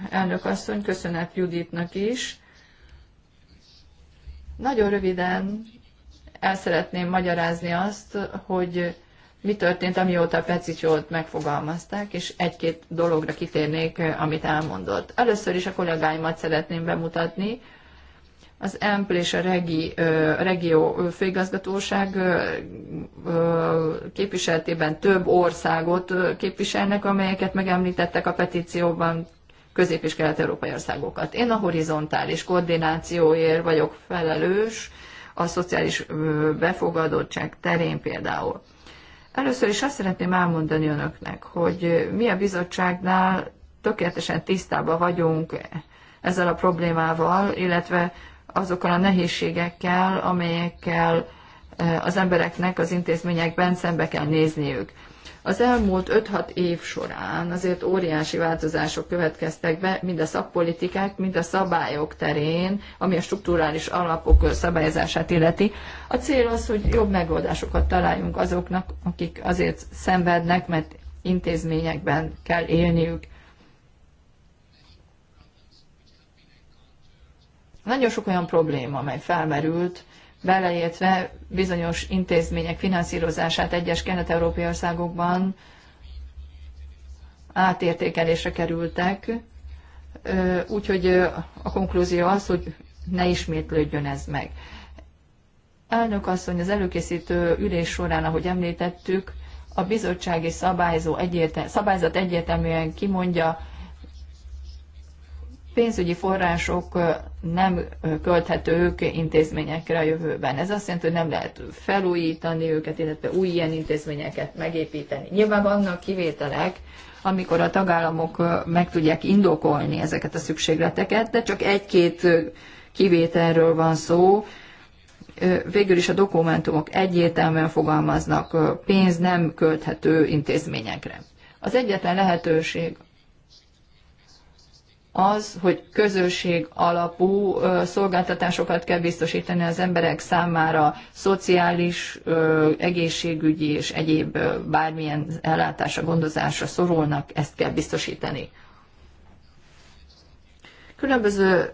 elnök asszony, köszönet Juditnak is. Nagyon röviden el szeretném magyarázni azt, hogy mi történt, amióta Pecicsót megfogalmazták, és egy-két dologra kitérnék, amit elmondott. Először is a kollégáimat szeretném bemutatni, az EMPL és a regi, regió főigazgatóság képviseltében több országot képviselnek, amelyeket megemlítettek a petícióban, közép- és kelet-európai országokat. Én a horizontális koordinációért vagyok felelős, a szociális befogadottság terén például. Először is azt szeretném elmondani önöknek, hogy mi a bizottságnál tökéletesen tisztában vagyunk ezzel a problémával, illetve azokkal a nehézségekkel, amelyekkel az embereknek az intézményekben szembe kell nézniük. Az elmúlt 5-6 év során azért óriási változások következtek be, mind a szakpolitikák, mind a szabályok terén, ami a strukturális alapok szabályozását illeti. A cél az, hogy jobb megoldásokat találjunk azoknak, akik azért szenvednek, mert intézményekben kell élniük. Nagyon sok olyan probléma, amely felmerült, beleértve bizonyos intézmények finanszírozását egyes kelet-európai országokban átértékelésre kerültek, úgyhogy a konklúzió az, hogy ne ismétlődjön ez meg. Elnök asszony, az előkészítő ülés során, ahogy említettük, a bizottsági szabályzó egyértel, szabályzat egyértelműen kimondja, pénzügyi források nem költhetők intézményekre a jövőben. Ez azt jelenti, hogy nem lehet felújítani őket, illetve új ilyen intézményeket megépíteni. Nyilván vannak kivételek, amikor a tagállamok meg tudják indokolni ezeket a szükségleteket, de csak egy-két kivételről van szó. Végül is a dokumentumok egyértelműen fogalmaznak pénz nem költhető intézményekre. Az egyetlen lehetőség az, hogy közösség alapú szolgáltatásokat kell biztosítani az emberek számára, szociális, egészségügyi és egyéb bármilyen ellátásra, gondozásra szorulnak, ezt kell biztosítani. Különböző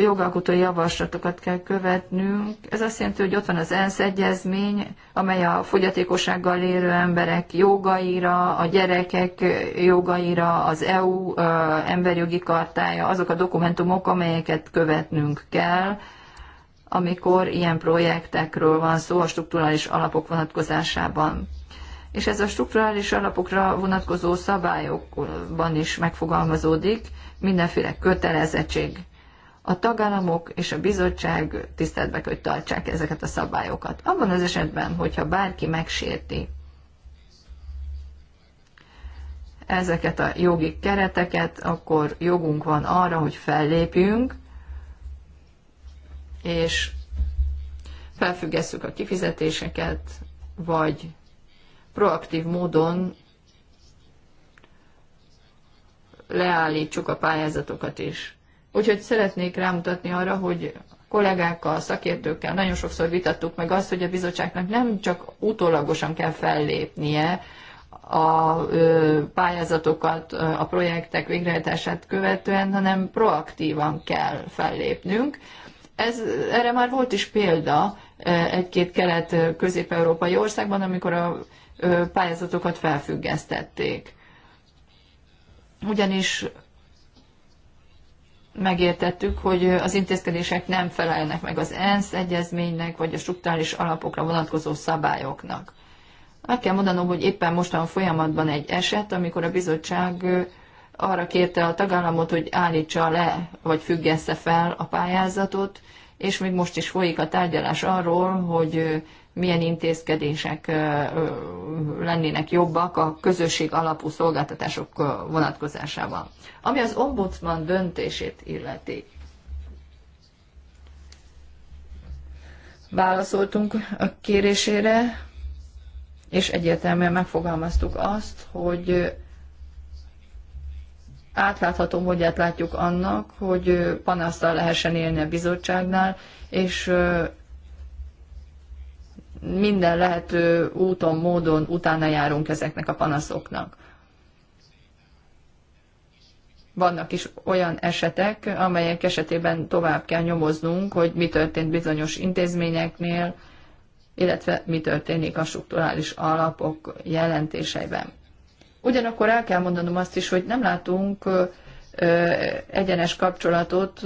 jogalkotó javaslatokat kell követnünk. Ez azt jelenti, hogy ott van az ENSZ egyezmény, amely a fogyatékossággal élő emberek jogaira, a gyerekek jogaira, az EU emberjogi kartája, azok a dokumentumok, amelyeket követnünk kell, amikor ilyen projektekről van szó a strukturális alapok vonatkozásában. És ez a strukturális alapokra vonatkozó szabályokban is megfogalmazódik, mindenféle kötelezettség a tagállamok és a bizottság tiszteletbe hogy tartsák ezeket a szabályokat. Abban az esetben, hogyha bárki megsérti ezeket a jogi kereteket, akkor jogunk van arra, hogy fellépjünk, és felfüggesszük a kifizetéseket, vagy proaktív módon leállítsuk a pályázatokat is. Úgyhogy szeretnék rámutatni arra, hogy kollégákkal, szakértőkkel nagyon sokszor vitattuk meg azt, hogy a bizottságnak nem csak utólagosan kell fellépnie a pályázatokat, a projektek végrehajtását követően, hanem proaktívan kell fellépnünk. Ez, erre már volt is példa egy-két kelet-közép-európai országban, amikor a pályázatokat felfüggesztették. Ugyanis megértettük, hogy az intézkedések nem felelnek meg az ENSZ egyezménynek, vagy a struktúrális alapokra vonatkozó szabályoknak. Meg kell mondanom, hogy éppen mostan folyamatban egy eset, amikor a bizottság arra kérte a tagállamot, hogy állítsa le, vagy függesse fel a pályázatot, és még most is folyik a tárgyalás arról, hogy milyen intézkedések lennének jobbak a közösség alapú szolgáltatások vonatkozásában. Ami az ombudsman döntését illeti. Válaszoltunk a kérésére, és egyértelműen megfogalmaztuk azt, hogy átlátható módját látjuk annak, hogy panasztal lehessen élni a bizottságnál, és minden lehető úton, módon utána járunk ezeknek a panaszoknak. Vannak is olyan esetek, amelyek esetében tovább kell nyomoznunk, hogy mi történt bizonyos intézményeknél, illetve mi történik a strukturális alapok jelentéseiben. Ugyanakkor el kell mondanom azt is, hogy nem látunk egyenes kapcsolatot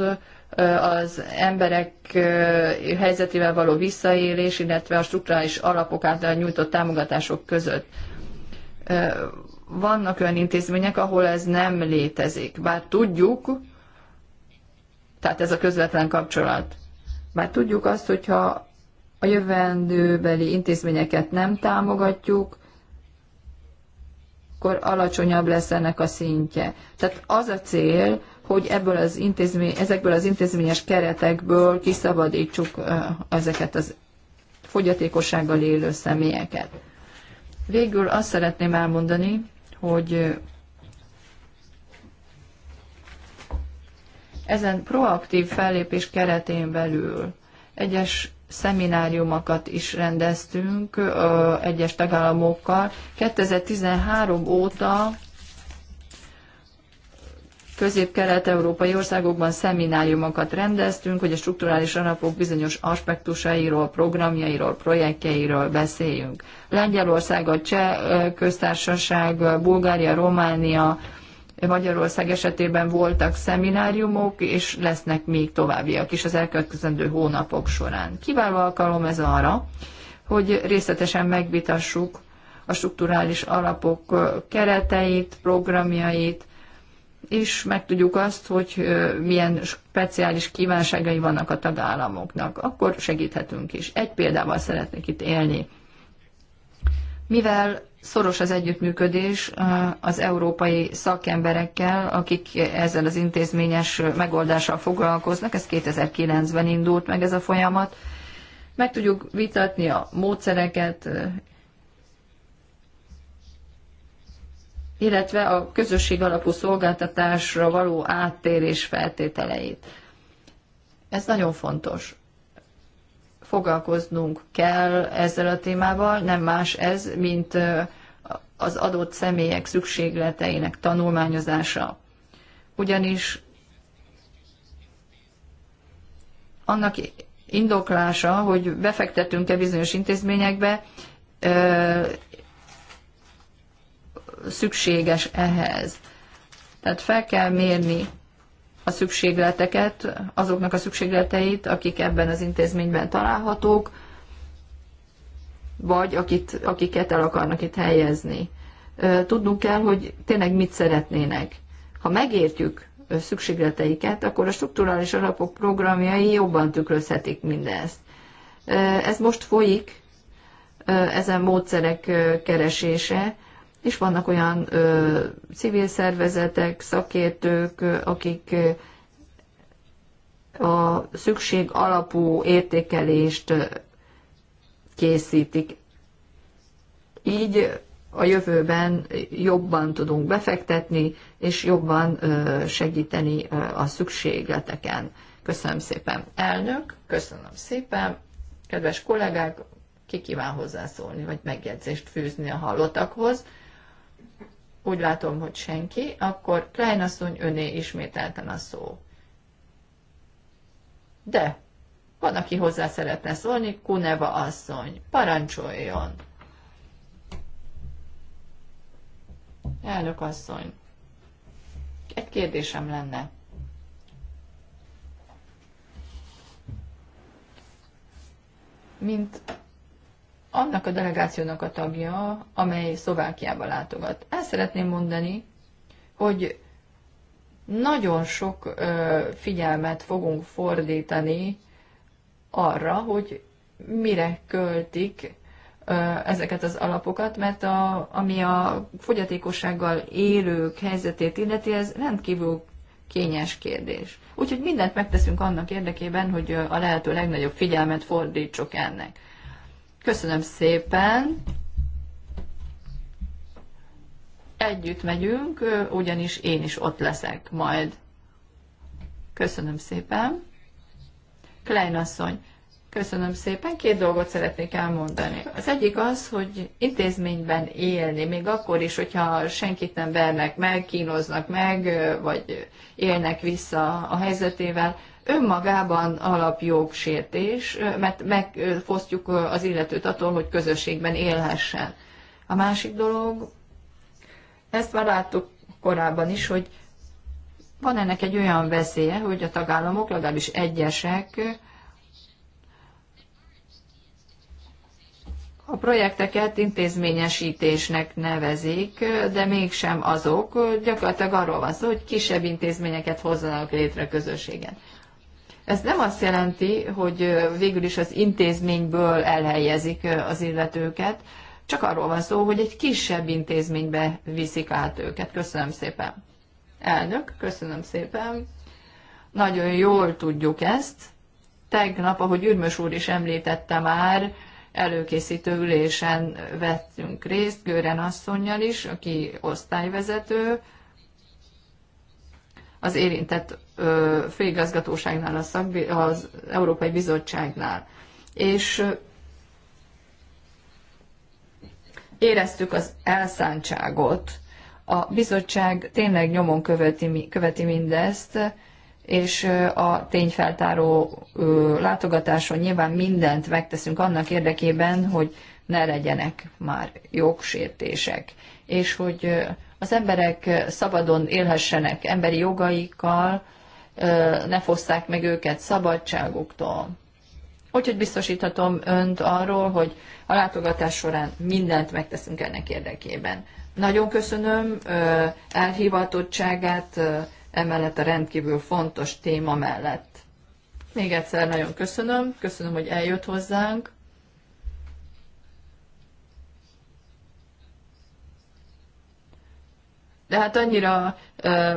az emberek helyzetével való visszaélés, illetve a strukturális alapok által nyújtott támogatások között. Vannak olyan intézmények, ahol ez nem létezik. Bár tudjuk, tehát ez a közvetlen kapcsolat. Bár tudjuk azt, hogyha a jövendőbeli intézményeket nem támogatjuk, akkor alacsonyabb lesz ennek a szintje. Tehát az a cél, hogy ebből az intézmény, ezekből az intézményes keretekből kiszabadítsuk ezeket az fogyatékossággal élő személyeket. Végül azt szeretném elmondani, hogy ezen proaktív fellépés keretén belül egyes szemináriumokat is rendeztünk egyes tagállamokkal. 2013 óta közép-kelet-európai országokban szemináriumokat rendeztünk, hogy a strukturális alapok bizonyos aspektusairól, programjairól, projektjeiről beszéljünk. Lengyelország, a Cseh köztársaság, Bulgária, Románia, Magyarország esetében voltak szemináriumok, és lesznek még továbbiak is az elkövetkezendő hónapok során. Kiváló alkalom ez arra, hogy részletesen megvitassuk a strukturális alapok kereteit, programjait, és megtudjuk azt, hogy milyen speciális kívánságai vannak a tagállamoknak. Akkor segíthetünk is. Egy példával szeretnék itt élni. Mivel szoros az együttműködés az európai szakemberekkel, akik ezzel az intézményes megoldással foglalkoznak, ez 2009-ben indult meg ez a folyamat, meg tudjuk vitatni a módszereket illetve a közösség alapú szolgáltatásra való áttérés feltételeit. Ez nagyon fontos. Foglalkoznunk kell ezzel a témával, nem más ez, mint az adott személyek szükségleteinek tanulmányozása. Ugyanis annak indoklása, hogy befektetünk-e bizonyos intézményekbe, szükséges ehhez. Tehát fel kell mérni a szükségleteket, azoknak a szükségleteit, akik ebben az intézményben találhatók, vagy akit, akiket el akarnak itt helyezni. Tudnunk kell, hogy tényleg mit szeretnének. Ha megértjük szükségleteiket, akkor a strukturális alapok programjai jobban tükrözhetik mindezt. Ez most folyik, ezen módszerek keresése, és vannak olyan ö, civil szervezetek, szakértők, akik a szükség alapú értékelést készítik. Így a jövőben jobban tudunk befektetni, és jobban segíteni a szükségleteken. Köszönöm szépen, elnök, köszönöm szépen, kedves kollégák, ki kíván hozzászólni, vagy megjegyzést fűzni a hallottakhoz. Úgy látom, hogy senki. Akkor kleinasszony öné ismételten a szó. De, van, aki hozzá szeretne szólni, Kuneva asszony. Parancsoljon! Elnök asszony, egy kérdésem lenne. Mint annak a delegációnak a tagja, amely Szlovákiába látogat. El szeretném mondani, hogy nagyon sok figyelmet fogunk fordítani arra, hogy mire költik ezeket az alapokat, mert a, ami a fogyatékossággal élők helyzetét illeti, ez rendkívül kényes kérdés. Úgyhogy mindent megteszünk annak érdekében, hogy a lehető legnagyobb figyelmet fordítsuk ennek. Köszönöm szépen. Együtt megyünk, ugyanis én is ott leszek majd. Köszönöm szépen. Klein asszony, köszönöm szépen. Két dolgot szeretnék elmondani. Az egyik az, hogy intézményben élni, még akkor is, hogyha senkit nem vernek meg, kínoznak meg, vagy élnek vissza a helyzetével, önmagában alapjogsértés, mert megfosztjuk az illetőt attól, hogy közösségben élhessen. A másik dolog, ezt már láttuk korábban is, hogy van ennek egy olyan veszélye, hogy a tagállamok, legalábbis egyesek, A projekteket intézményesítésnek nevezik, de mégsem azok. Gyakorlatilag arról van szó, hogy kisebb intézményeket hozzanak létre közösséget. Ez nem azt jelenti, hogy végül is az intézményből elhelyezik az illetőket, csak arról van szó, hogy egy kisebb intézménybe viszik át őket. Köszönöm szépen. Elnök, köszönöm szépen. Nagyon jól tudjuk ezt. Tegnap, ahogy Ürmös úr is említette már, előkészítő ülésen vettünk részt, Gőren asszonynal is, aki osztályvezető, az érintett főigazgatóságnál, a az Európai Bizottságnál. És éreztük az elszántságot. A bizottság tényleg nyomon követi, követi mindezt, és a tényfeltáró látogatáson nyilván mindent megteszünk annak érdekében, hogy ne legyenek már jogsértések, és hogy az emberek szabadon élhessenek emberi jogaikkal, ne fosszák meg őket szabadságuktól. Úgyhogy biztosíthatom önt arról, hogy a látogatás során mindent megteszünk ennek érdekében. Nagyon köszönöm elhivatottságát emellett a rendkívül fontos téma mellett. Még egyszer nagyon köszönöm, köszönöm, hogy eljött hozzánk. De hát annyira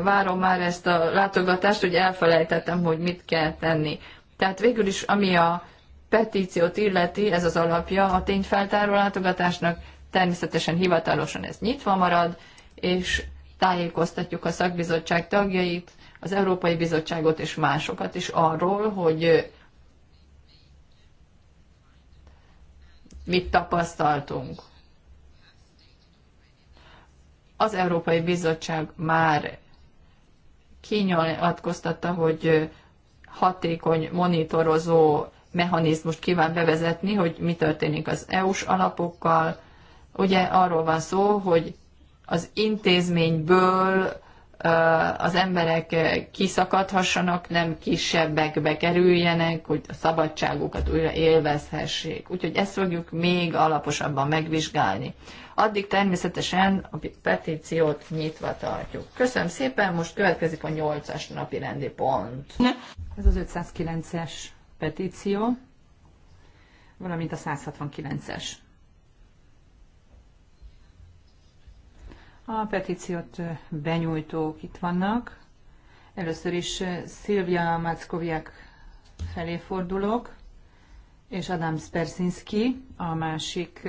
várom már ezt a látogatást, hogy elfelejtettem, hogy mit kell tenni. Tehát végül is, ami a petíciót illeti, ez az alapja a tényfeltáró látogatásnak, természetesen hivatalosan ez nyitva marad, és tájékoztatjuk a szakbizottság tagjait, az Európai Bizottságot és másokat is arról, hogy mit tapasztaltunk. Az Európai Bizottság már kinyilatkoztatta, hogy hatékony monitorozó mechanizmust kíván bevezetni, hogy mi történik az EU-s alapokkal. Ugye arról van szó, hogy az intézményből az emberek kiszakadhassanak, nem kisebbekbe kerüljenek, hogy a szabadságukat újra élvezhessék. Úgyhogy ezt fogjuk még alaposabban megvizsgálni addig természetesen a petíciót nyitva tartjuk. Köszönöm szépen, most következik a 8-as napi rendi pont. Ez az 509-es petíció, valamint a 169-es. A petíciót benyújtók itt vannak. Először is Szilvia Mackoviak felé fordulok, és Adam Sperszinski, a másik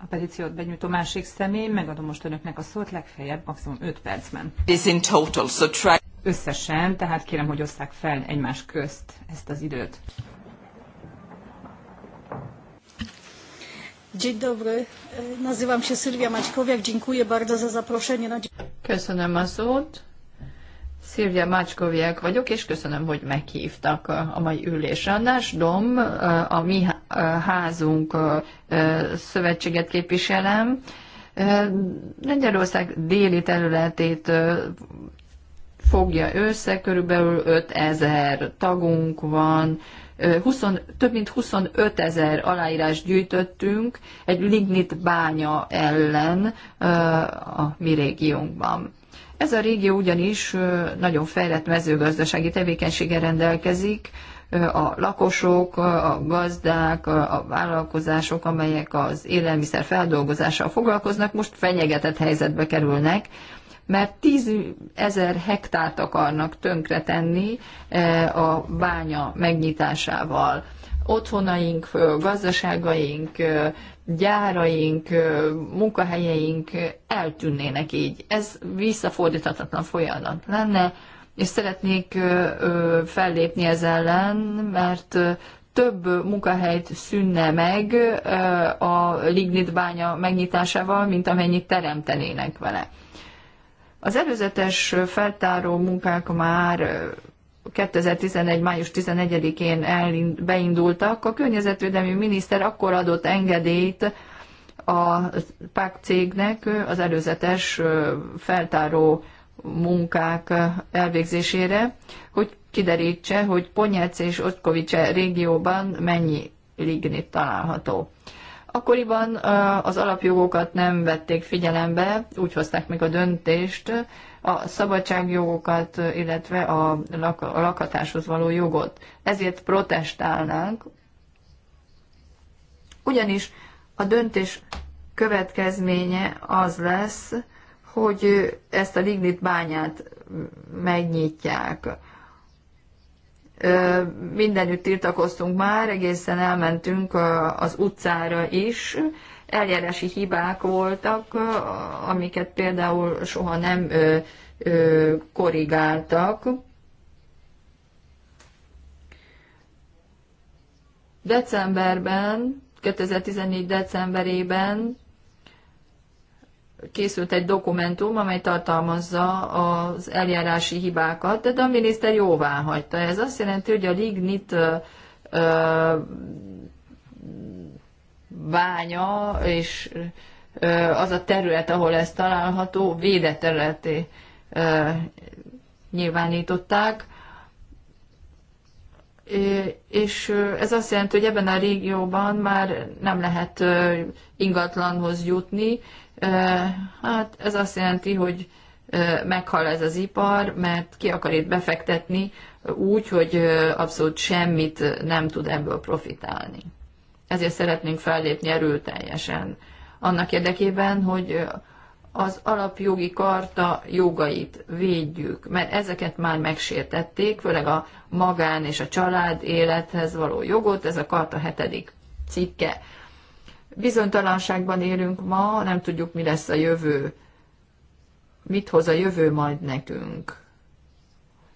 a petíciót benyújtó másik személy. Megadom most önöknek a szót legfeljebb maximum 5 percben. in total, so try... Összesen, tehát kérem, hogy osszák fel egymás közt ezt az időt. Dzień dobry, e, nazywam się Sylwia Maćkowiak, dziękuję bardzo za zaproszenie. Na... Köszönöm a szót. Szilvia Mácskoviek vagyok, és köszönöm, hogy meghívtak a mai ülésre. A Násdom, a mi házunk szövetséget képviselem. Lengyelország déli területét fogja össze, körülbelül 5000 tagunk van, 20, több mint 25 ezer aláírás gyűjtöttünk egy lignit bánya ellen a mi régiónkban. Ez a régió ugyanis nagyon fejlett mezőgazdasági tevékenységgel rendelkezik, a lakosok, a gazdák, a vállalkozások, amelyek az élelmiszer feldolgozással foglalkoznak, most fenyegetett helyzetbe kerülnek, mert 10 ezer hektárt akarnak tönkretenni a bánya megnyitásával otthonaink, gazdaságaink, gyáraink, munkahelyeink eltűnnének így. Ez visszafordíthatatlan folyamat lenne, és szeretnék fellépni ez ellen, mert több munkahelyt szűnne meg a lignit bánya megnyitásával, mint amennyit teremtenének vele. Az előzetes feltáró munkák már 2011. május 11-én beindultak, a környezetvédelmi miniszter akkor adott engedélyt a PAK cégnek az előzetes feltáró munkák elvégzésére, hogy kiderítse, hogy Ponyec és Otkovice régióban mennyi lignit található. Akkoriban az alapjogokat nem vették figyelembe, úgy hozták meg a döntést, a szabadságjogokat, illetve a, lakhatáshoz való jogot. Ezért protestálnánk, ugyanis a döntés következménye az lesz, hogy ezt a lignit bányát megnyitják mindenütt tiltakoztunk már, egészen elmentünk az utcára is. Eljárási hibák voltak, amiket például soha nem korrigáltak. Decemberben, 2014. decemberében készült egy dokumentum, amely tartalmazza az eljárási hibákat, de a miniszter jóvá hagyta. Ez azt jelenti, hogy a lignit bánya és az a terület, ahol ez található, védett területé nyilvánították. És ez azt jelenti, hogy ebben a régióban már nem lehet ingatlanhoz jutni, Hát ez azt jelenti, hogy meghal ez az ipar, mert ki akar itt befektetni úgy, hogy abszolút semmit nem tud ebből profitálni. Ezért szeretnénk fellépni erőteljesen. Annak érdekében, hogy az alapjogi karta jogait védjük, mert ezeket már megsértették, főleg a magán és a család élethez való jogot, ez a karta hetedik cikke bizonytalanságban élünk ma, nem tudjuk, mi lesz a jövő. Mit hoz a jövő majd nekünk?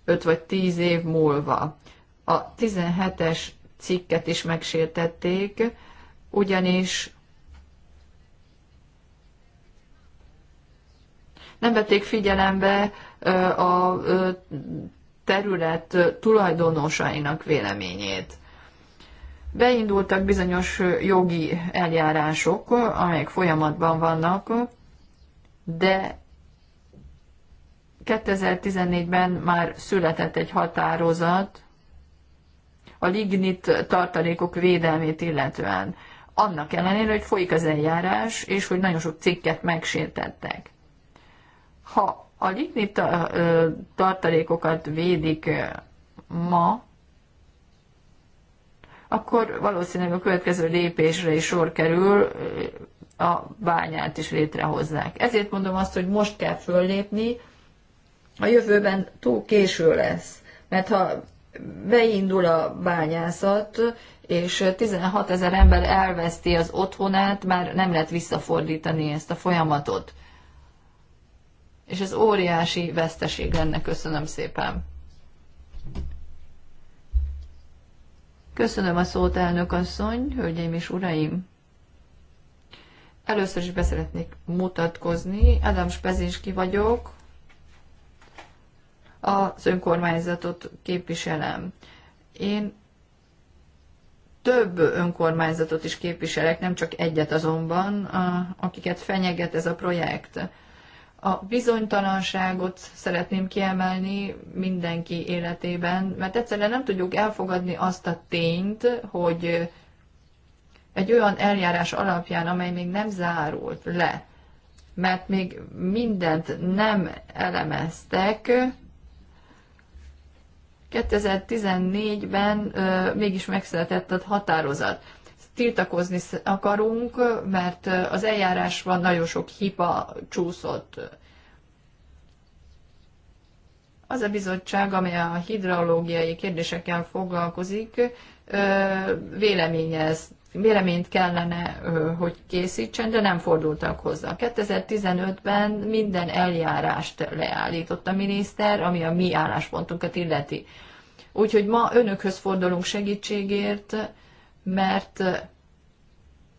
5 vagy 10 év múlva. A 17-es cikket is megsértették, ugyanis nem vették figyelembe a terület tulajdonosainak véleményét beindultak bizonyos jogi eljárások, amelyek folyamatban vannak, de 2014-ben már született egy határozat a lignit tartalékok védelmét illetően. Annak ellenére, hogy folyik az eljárás, és hogy nagyon sok cikket megsértettek. Ha a lignit tartalékokat védik ma, akkor valószínűleg a következő lépésre is sor kerül, a bányát is létrehozzák. Ezért mondom azt, hogy most kell föllépni, a jövőben túl késő lesz. Mert ha beindul a bányászat, és 16 ezer ember elveszti az otthonát, már nem lehet visszafordítani ezt a folyamatot. És ez óriási veszteség lenne, köszönöm szépen. Köszönöm a szót, elnök asszony, hölgyeim és uraim! Először is beszeretnék mutatkozni. Adam Spezinski vagyok, az önkormányzatot képviselem. Én több önkormányzatot is képviselek, nem csak egyet azonban, akiket fenyeget ez a projekt. A bizonytalanságot szeretném kiemelni mindenki életében, mert egyszerűen nem tudjuk elfogadni azt a tényt, hogy egy olyan eljárás alapján, amely még nem zárult le, mert még mindent nem elemeztek, 2014-ben mégis megszületett a határozat tiltakozni akarunk, mert az eljárásban nagyon sok hiba csúszott. Az a bizottság, amely a hidrológiai kérdésekkel foglalkozik, véleményez, véleményt kellene, hogy készítsen, de nem fordultak hozzá. 2015-ben minden eljárást leállított a miniszter, ami a mi álláspontunkat illeti. Úgyhogy ma önökhöz fordulunk segítségért, mert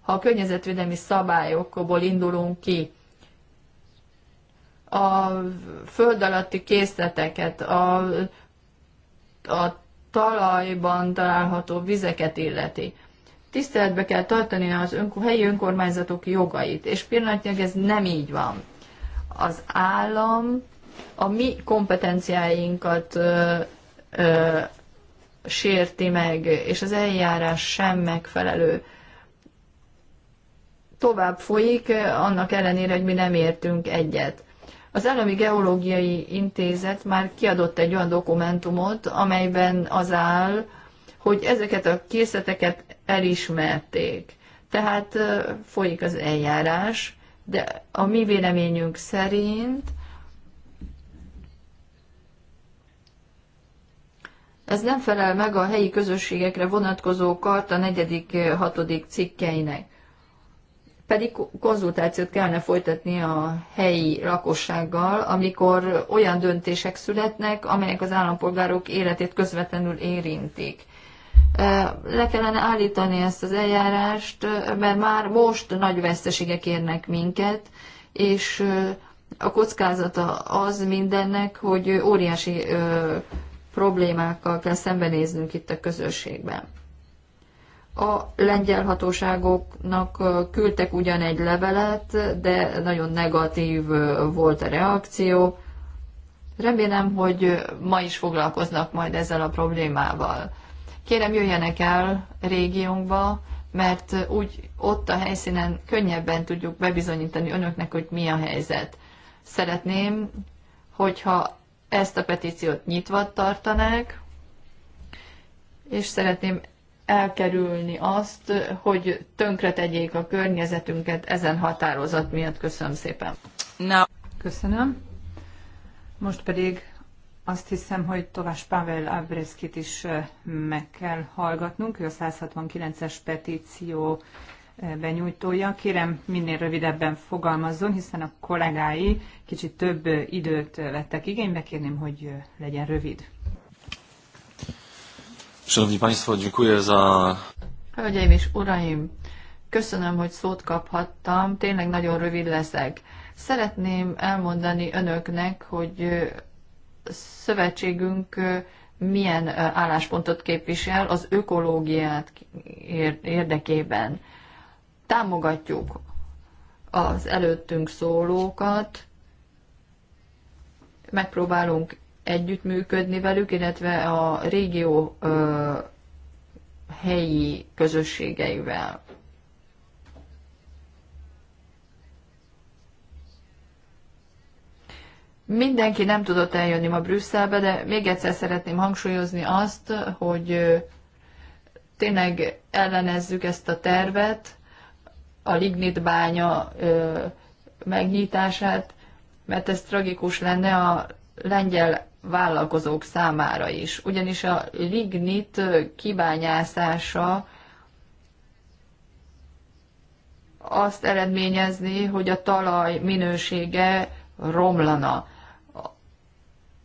ha a környezetvédelmi szabályokból indulunk ki, a föld alatti készleteket, a, a talajban található vizeket illeti. Tiszteletbe kell tartani az önk- helyi önkormányzatok jogait, és pillanatnyilag ez nem így van. Az állam a mi kompetenciáinkat ö, ö, sérti meg, és az eljárás sem megfelelő. Tovább folyik, annak ellenére, hogy mi nem értünk egyet. Az Állami Geológiai Intézet már kiadott egy olyan dokumentumot, amelyben az áll, hogy ezeket a készleteket elismerték. Tehát folyik az eljárás, de a mi véleményünk szerint Ez nem felel meg a helyi közösségekre vonatkozó karta negyedik, eh, hatodik cikkeinek. Pedig konzultációt kellene folytatni a helyi lakossággal, amikor olyan döntések születnek, amelyek az állampolgárok életét közvetlenül érintik. Eh, le kellene állítani ezt az eljárást, eh, mert már most nagy veszteségek érnek minket, és a kockázata az mindennek, hogy óriási problémákkal kell szembenéznünk itt a közösségben. A lengyel hatóságoknak küldtek ugyan egy levelet, de nagyon negatív volt a reakció. Remélem, hogy ma is foglalkoznak majd ezzel a problémával. Kérem, jöjjenek el régiónkba, mert úgy ott a helyszínen könnyebben tudjuk bebizonyítani önöknek, hogy mi a helyzet. Szeretném, hogyha ezt a petíciót nyitva tartanák, és szeretném elkerülni azt, hogy tönkretegyék a környezetünket ezen határozat miatt. Köszönöm szépen. Na. Köszönöm. Most pedig azt hiszem, hogy Továs Pavel Abreszkit is meg kell hallgatnunk. Ő a 169-es petíció benyújtója. Kérem, minél rövidebben fogalmazzon, hiszen a kollégái kicsit több időt vettek igénybe. Kérném, hogy legyen rövid. Szanowni Państwo, dziękuję za... Hölgyeim és uraim, köszönöm, hogy szót kaphattam, tényleg nagyon rövid leszek. Szeretném elmondani önöknek, hogy szövetségünk milyen álláspontot képvisel az ökológiát érdekében támogatjuk az előttünk szólókat, megpróbálunk együttműködni velük, illetve a régió ö, helyi közösségeivel. Mindenki nem tudott eljönni ma Brüsszelbe, de még egyszer szeretném hangsúlyozni azt, hogy tényleg ellenezzük ezt a tervet, a lignit bánya ö, megnyitását, mert ez tragikus lenne a lengyel vállalkozók számára is. Ugyanis a lignit kibányászása azt eredményezni, hogy a talaj minősége romlana.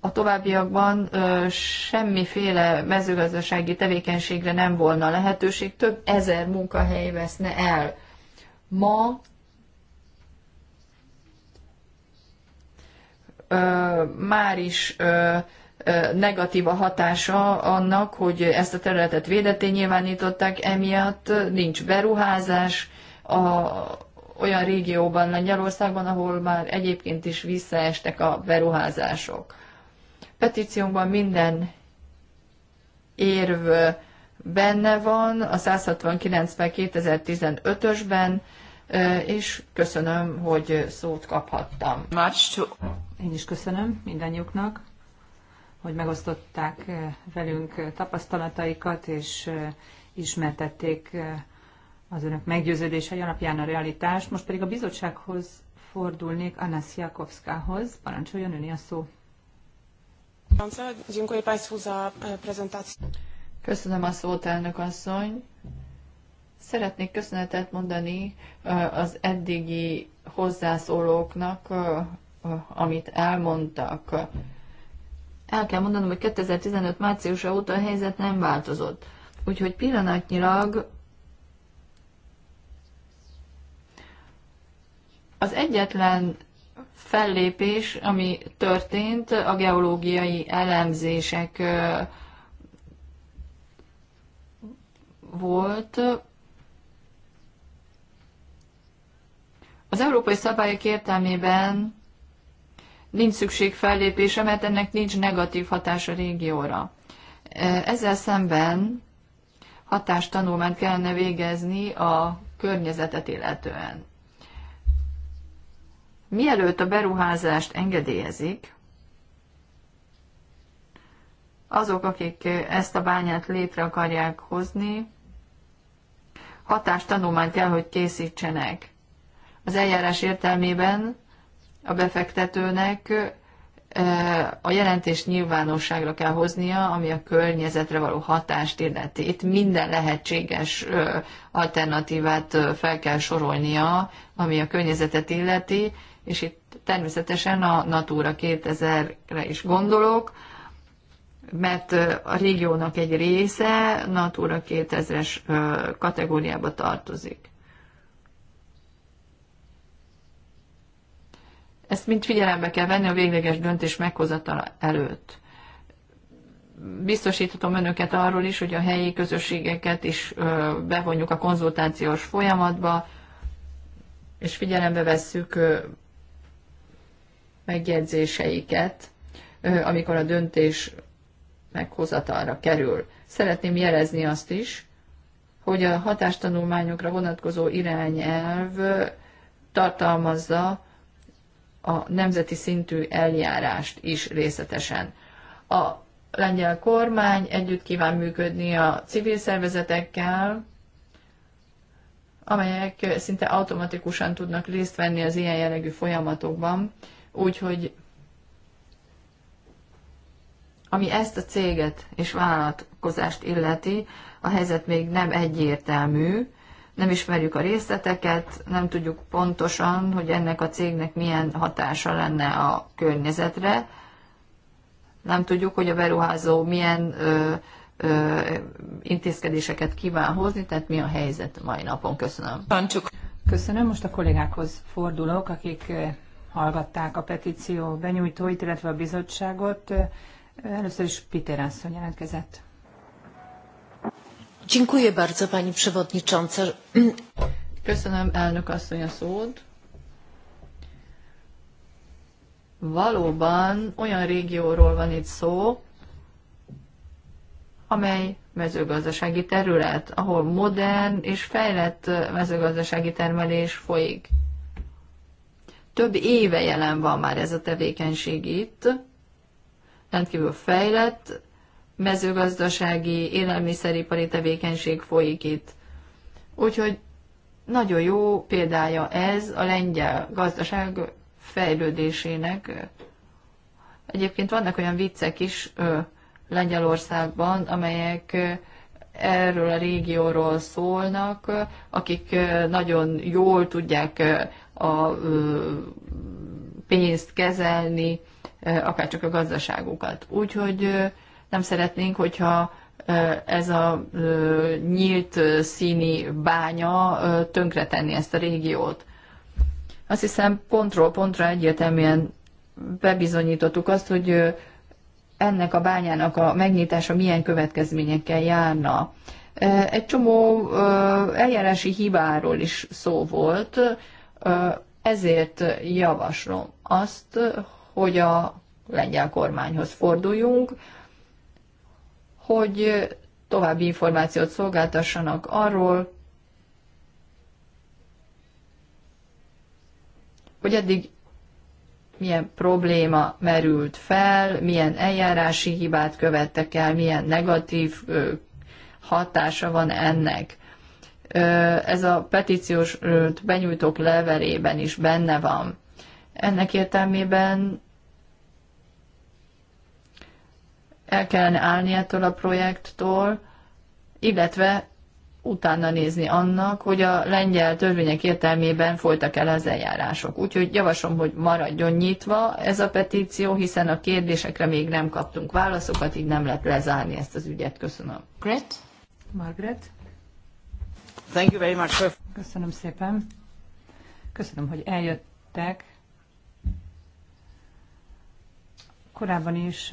A továbbiakban ö, semmiféle mezőgazdasági tevékenységre nem volna lehetőség, több ezer munkahely veszne el ma ö, már is ö, ö, negatív a hatása annak, hogy ezt a területet védetté nyilvánították, emiatt nincs beruházás a, olyan régióban, Lengyelországban, ahol már egyébként is visszaestek a beruházások. Petíciónkban minden érv benne van a 169 2015-ösben, és köszönöm, hogy szót kaphattam. Én is köszönöm mindannyiuknak, hogy megosztották velünk tapasztalataikat, és ismertették az önök meggyőződése alapján a realitást. Most pedig a bizottsághoz fordulnék Anas Jakovskához. Parancsoljon öni a szó. Köszönöm a szót, elnök asszony. Szeretnék köszönetet mondani az eddigi hozzászólóknak, amit elmondtak. El kell mondanom, hogy 2015 márciusa óta a helyzet nem változott. Úgyhogy pillanatnyilag az egyetlen fellépés, ami történt, a geológiai elemzések volt. Az európai szabályok értelmében nincs szükség fellépése, mert ennek nincs negatív hatása a régióra. Ezzel szemben hatástanulmányt kellene végezni a környezetet illetően. Mielőtt a beruházást engedélyezik, azok, akik ezt a bányát létre akarják hozni, hatástanulmányt kell, hogy készítsenek. Az eljárás értelmében a befektetőnek a jelentést nyilvánosságra kell hoznia, ami a környezetre való hatást illeti. Itt minden lehetséges alternatívát fel kell sorolnia, ami a környezetet illeti, és itt természetesen a Natura 2000-re is gondolok, mert a régiónak egy része Natura 2000-es kategóriába tartozik. Ezt mind figyelembe kell venni a végleges döntés meghozatala előtt. Biztosíthatom önöket arról is, hogy a helyi közösségeket is bevonjuk a konzultációs folyamatba, és figyelembe vesszük megjegyzéseiket, amikor a döntés meghozatalra kerül. Szeretném jelezni azt is, hogy a hatástanulmányokra vonatkozó irányelv tartalmazza a nemzeti szintű eljárást is részletesen. A lengyel kormány együtt kíván működni a civil szervezetekkel, amelyek szinte automatikusan tudnak részt venni az ilyen jellegű folyamatokban, úgyhogy ami ezt a céget és vállalkozást illeti, a helyzet még nem egyértelmű, nem ismerjük a részleteket, nem tudjuk pontosan, hogy ennek a cégnek milyen hatása lenne a környezetre, nem tudjuk, hogy a beruházó milyen ö, ö, intézkedéseket kíván hozni, tehát mi a helyzet mai napon. Köszönöm. Pancsuk. Köszönöm. Most a kollégákhoz fordulok, akik hallgatták a petíció benyújtóit, illetve a bizottságot. Először is Peter asszony jelentkezett. Dziękuję bardzo, pani przewodnicząca. Köszönöm, elnök asszony a szót. Valóban olyan régióról van itt szó, amely mezőgazdasági terület, ahol modern és fejlett mezőgazdasági termelés folyik. Több éve jelen van már ez a tevékenység itt, rendkívül fejlett mezőgazdasági, élelmiszeripari tevékenység folyik itt. Úgyhogy nagyon jó példája ez a lengyel gazdaság fejlődésének. Egyébként vannak olyan viccek is Lengyelországban, amelyek erről a régióról szólnak, akik nagyon jól tudják a pénzt kezelni, akárcsak a gazdaságukat. Úgyhogy nem szeretnénk, hogyha ez a nyílt színi bánya tönkretenni ezt a régiót. Azt hiszem pontról pontra egyértelműen bebizonyítottuk azt, hogy ennek a bányának a megnyitása milyen következményekkel járna. Egy csomó eljárási hibáról is szó volt, ezért javaslom azt, hogy a lengyel kormányhoz forduljunk, hogy további információt szolgáltassanak arról, hogy eddig milyen probléma merült fel, milyen eljárási hibát követtek el, milyen negatív hatása van ennek. Ez a petíciós benyújtók levelében is benne van. Ennek értelmében el kellene állni ettől a projekttől, illetve utána nézni annak, hogy a lengyel törvények értelmében folytak el az eljárások. Úgyhogy javaslom, hogy maradjon nyitva ez a petíció, hiszen a kérdésekre még nem kaptunk válaszokat, így nem lehet lezárni ezt az ügyet. Köszönöm. Margaret? Margaret? Thank you very much. For... Köszönöm szépen. Köszönöm, hogy eljöttek. Korábban is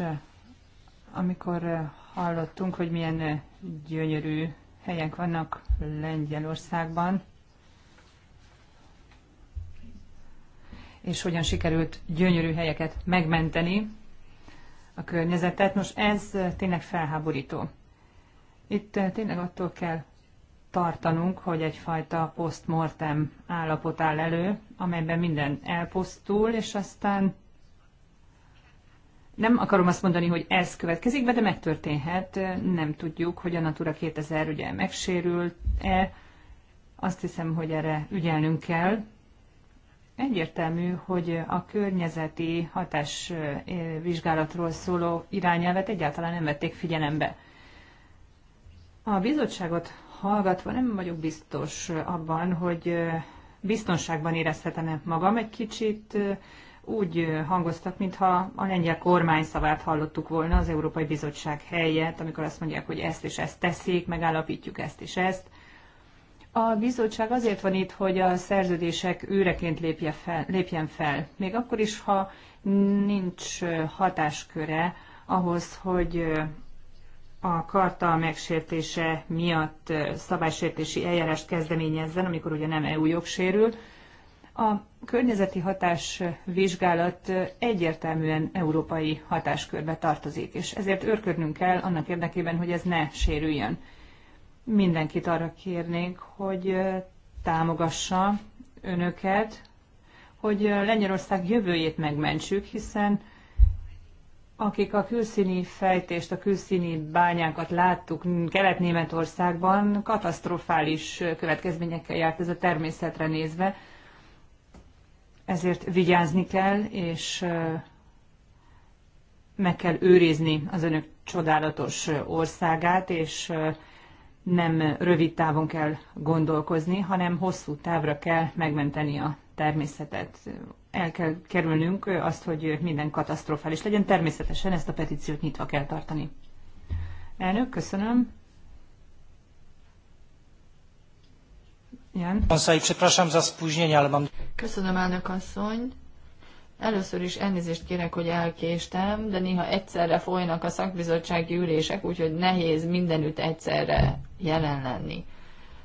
amikor eh, hallottunk, hogy milyen eh, gyönyörű helyek vannak Lengyelországban, és hogyan sikerült gyönyörű helyeket megmenteni a környezetet. Nos, ez eh, tényleg felháborító. Itt tényleg attól kell tartanunk, hogy egyfajta postmortem állapot áll elő, amelyben minden elpusztul, és aztán nem akarom azt mondani, hogy ez következik be, de megtörténhet. Nem tudjuk, hogy a Natura 2000 ugye megsérült-e. Azt hiszem, hogy erre ügyelnünk kell. Egyértelmű, hogy a környezeti hatás eh, vizsgálatról szóló irányelvet egyáltalán nem vették figyelembe. A bizottságot hallgatva nem vagyok biztos abban, hogy eh, biztonságban érezhetem magam egy kicsit, eh, úgy hangoztak, mintha a lengyel kormány szavát hallottuk volna az Európai Bizottság helyett, amikor azt mondják, hogy ezt és ezt teszik, megállapítjuk ezt és ezt. A bizottság azért van itt, hogy a szerződések őreként lépje fel, lépjen fel, még akkor is, ha nincs hatásköre ahhoz, hogy a karta megsértése miatt szabálysértési eljárást kezdeményezzen, amikor ugye nem EU jog sérül, a környezeti hatás vizsgálat egyértelműen európai hatáskörbe tartozik, és ezért őrködnünk kell annak érdekében, hogy ez ne sérüljön. Mindenkit arra kérnék, hogy támogassa önöket, hogy Lengyelország jövőjét megmentsük, hiszen akik a külszíni fejtést, a külszíni bányákat láttuk Kelet-Németországban, katasztrofális következményekkel járt ez a természetre nézve, ezért vigyázni kell, és meg kell őrizni az önök csodálatos országát, és nem rövid távon kell gondolkozni, hanem hosszú távra kell megmenteni a természetet. El kell kerülnünk azt, hogy minden katasztrofális legyen. Természetesen ezt a petíciót nyitva kell tartani. Elnök, köszönöm. Jan. Köszönöm, elnök asszony. Először is elnézést kérek, hogy elkéstem, de néha egyszerre folynak a szakbizottsági ülések, úgyhogy nehéz mindenütt egyszerre jelen lenni.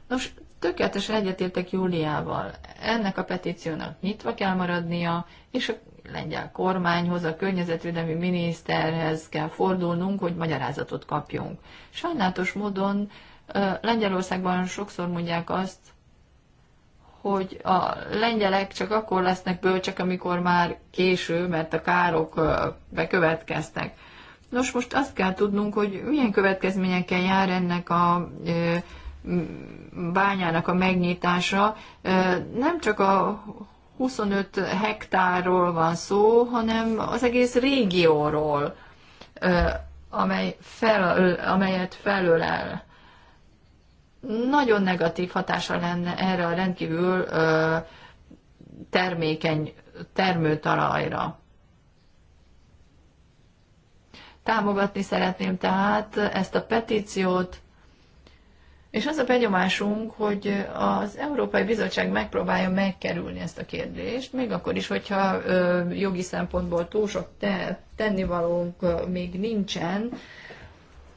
Nos, tökéletesen egyetértek Júliával. Ennek a petíciónak nyitva kell maradnia, és a lengyel kormányhoz, a környezetvédelmi miniszterhez kell fordulnunk, hogy magyarázatot kapjunk. Sajnálatos módon Lengyelországban sokszor mondják azt, hogy a lengyelek csak akkor lesznek bölcsek, amikor már késő, mert a károk bekövetkeztek. Nos, most azt kell tudnunk, hogy milyen következményekkel jár ennek a bányának a megnyitása. Nem csak a 25 hektárról van szó, hanem az egész régióról, amely fel, amelyet felölel nagyon negatív hatása lenne erre a rendkívül termékeny termőtalajra. Támogatni szeretném tehát ezt a petíciót, és az a benyomásunk, hogy az Európai Bizottság megpróbálja megkerülni ezt a kérdést, még akkor is, hogyha jogi szempontból túl sok te, tennivalónk még nincsen,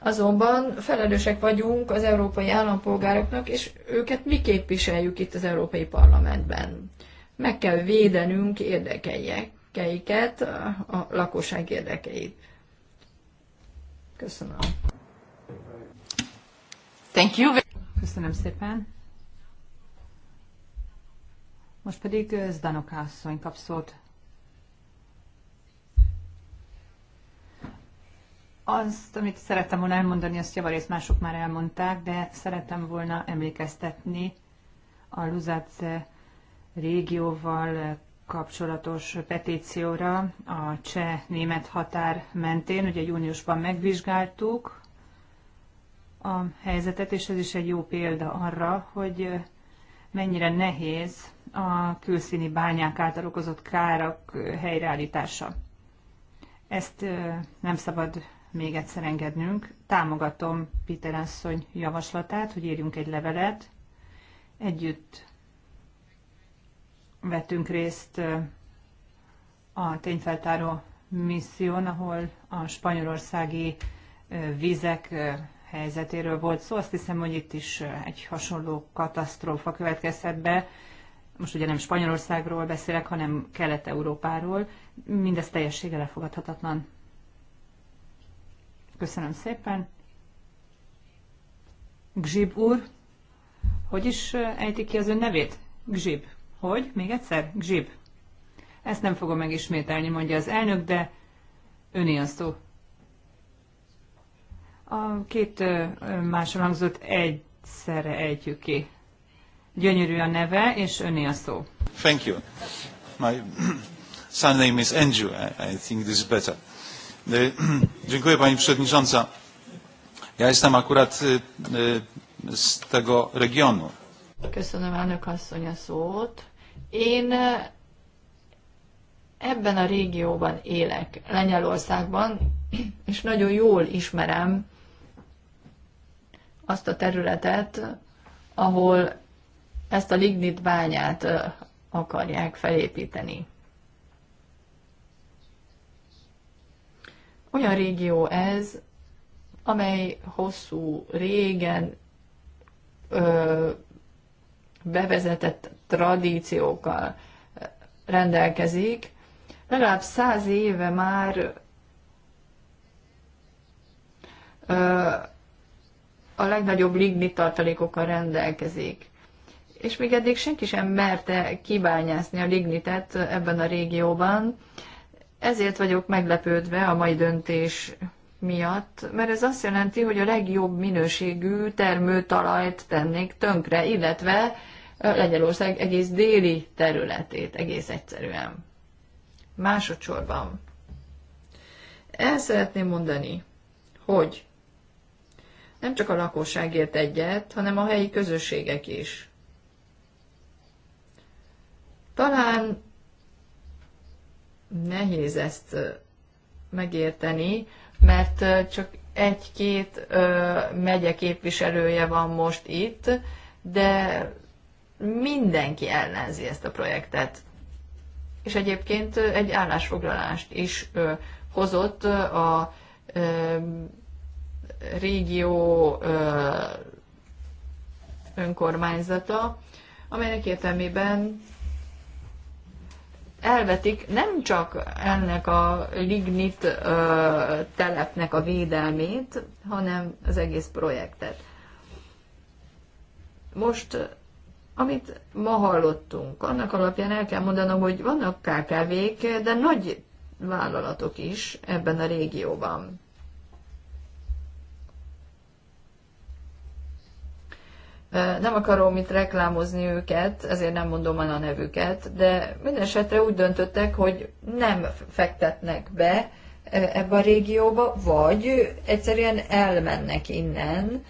Azonban felelősek vagyunk az európai állampolgároknak, és őket mi képviseljük itt az Európai Parlamentben. Meg kell védenünk érdekeiket, a lakosság érdekeit. Köszönöm. Thank you. Köszönöm szépen. Most pedig Zdanok asszony kap szót. Azt, amit szerettem volna elmondani, azt javarészt mások már elmondták, de szerettem volna emlékeztetni a Luzace régióval kapcsolatos petícióra a cseh-német határ mentén. Ugye júniusban megvizsgáltuk a helyzetet, és ez is egy jó példa arra, hogy mennyire nehéz a külszíni bányák által okozott károk helyreállítása. Ezt nem szabad még egyszer engednünk. Támogatom Péter asszony javaslatát, hogy írjunk egy levelet. Együtt vettünk részt a tényfeltáró misszión, ahol a spanyolországi vizek helyzetéről volt szó. Azt hiszem, hogy itt is egy hasonló katasztrófa következett be. Most ugye nem Spanyolországról beszélek, hanem Kelet-Európáról. Mindez teljességgel elfogadhatatlan. Köszönöm szépen. Gzsib úr, hogy is ejti ki az ön nevét? Gzsib. Hogy? Még egyszer? Gzsib. Ezt nem fogom megismételni, mondja az elnök, de öné a szó. A két máson hangzott egyszerre ejtjük ki. Gyönyörű a neve, és öné a szó. Thank you. My son name is Andrew. I think this is better. Dziękuję Pani Przewodnicząca. Ja jestem akurat z tego regionu. Köszönöm elnök asszony a szót. Én e, ebben a régióban élek, Lengyelországban, és nagyon jól ismerem azt a területet, ahol ezt a lignit bányát e, akarják felépíteni. Olyan régió ez, amely hosszú, régen ö, bevezetett tradíciókkal rendelkezik. Legalább száz éve már ö, a legnagyobb lignit tartalékokkal rendelkezik. És még eddig senki sem merte kibányászni a lignitet ebben a régióban, ezért vagyok meglepődve a mai döntés miatt, mert ez azt jelenti, hogy a legjobb minőségű termőtalajt tennék tönkre, illetve Lengyelország egész déli területét egész egyszerűen. Másodszorban. El szeretném mondani, hogy nem csak a lakosságért egyet, hanem a helyi közösségek is. Talán nehéz ezt megérteni, mert csak egy-két megye képviselője van most itt, de mindenki ellenzi ezt a projektet. És egyébként egy állásfoglalást is hozott a régió önkormányzata, amelynek értelmében elvetik nem csak ennek a lignit ö, telepnek a védelmét, hanem az egész projektet. Most, amit ma hallottunk, annak alapján el kell mondanom, hogy vannak KKV-k, de nagy vállalatok is ebben a régióban. Nem akarom itt reklámozni őket, ezért nem mondom el a nevüket, de minden esetre úgy döntöttek, hogy nem fektetnek be ebbe a régióba, vagy egyszerűen elmennek innen.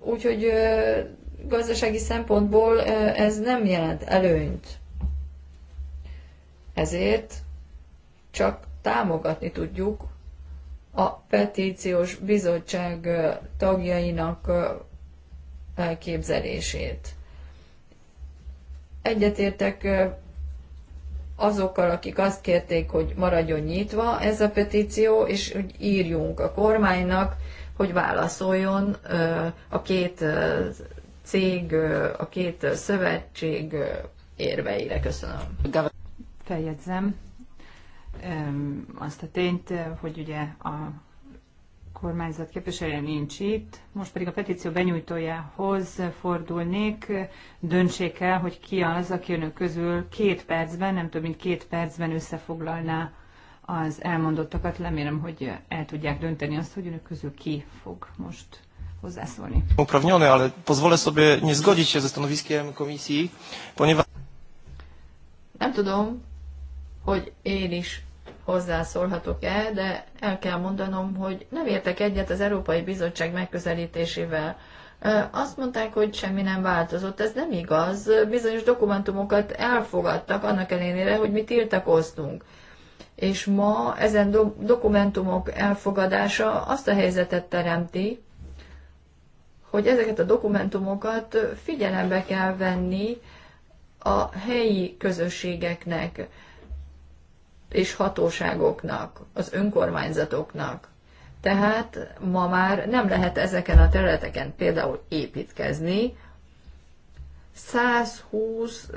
Úgyhogy gazdasági szempontból ez nem jelent előnyt. Ezért csak támogatni tudjuk a petíciós bizottság tagjainak elképzelését. Egyetértek azokkal, akik azt kérték, hogy maradjon nyitva ez a petíció, és hogy írjunk a kormánynak, hogy válaszoljon a két cég, a két szövetség érveire. Köszönöm. Feljegyzem azt a tényt, hogy ugye a kormányzat képviselője nincs itt, most pedig a petíció benyújtójához fordulnék. Döntsék el, hogy ki az, aki önök közül két percben, nem több mint két percben összefoglalná az elmondottakat. Remélem, hogy el tudják dönteni azt, hogy önök közül ki fog most hozzászólni. Uprawniony, ale pozwolę sobie nie zgodzić się ze stanowiskiem komisji, ponieważ... Nem tudom, hogy én is hozzászólhatok-e, de el kell mondanom, hogy nem értek egyet az Európai Bizottság megközelítésével. Azt mondták, hogy semmi nem változott. Ez nem igaz. Bizonyos dokumentumokat elfogadtak annak ellenére, hogy mi tiltakoztunk. És ma ezen do- dokumentumok elfogadása azt a helyzetet teremti, hogy ezeket a dokumentumokat figyelembe kell venni a helyi közösségeknek és hatóságoknak, az önkormányzatoknak. Tehát ma már nem lehet ezeken a területeken például építkezni 120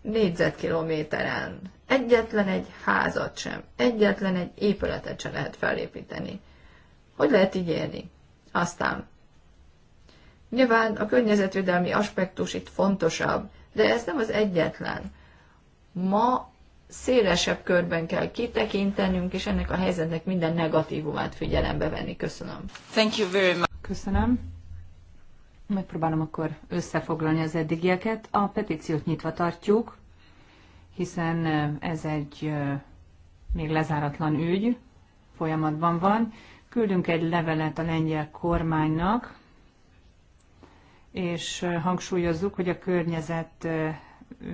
négyzetkilométeren. Egyetlen egy házat sem, egyetlen egy épületet sem lehet felépíteni. Hogy lehet így élni? Aztán Nyilván a környezetvédelmi aspektus itt fontosabb, de ez nem az egyetlen. Ma szélesebb körben kell kitekintenünk, és ennek a helyzetnek minden negatívumát figyelembe venni. Köszönöm. Thank you very much. Köszönöm. Megpróbálom akkor összefoglalni az eddigieket. A petíciót nyitva tartjuk, hiszen eh, ez egy eh, még lezáratlan ügy, folyamatban van. Küldünk egy levelet a lengyel kormánynak, és eh, hangsúlyozzuk, hogy a környezet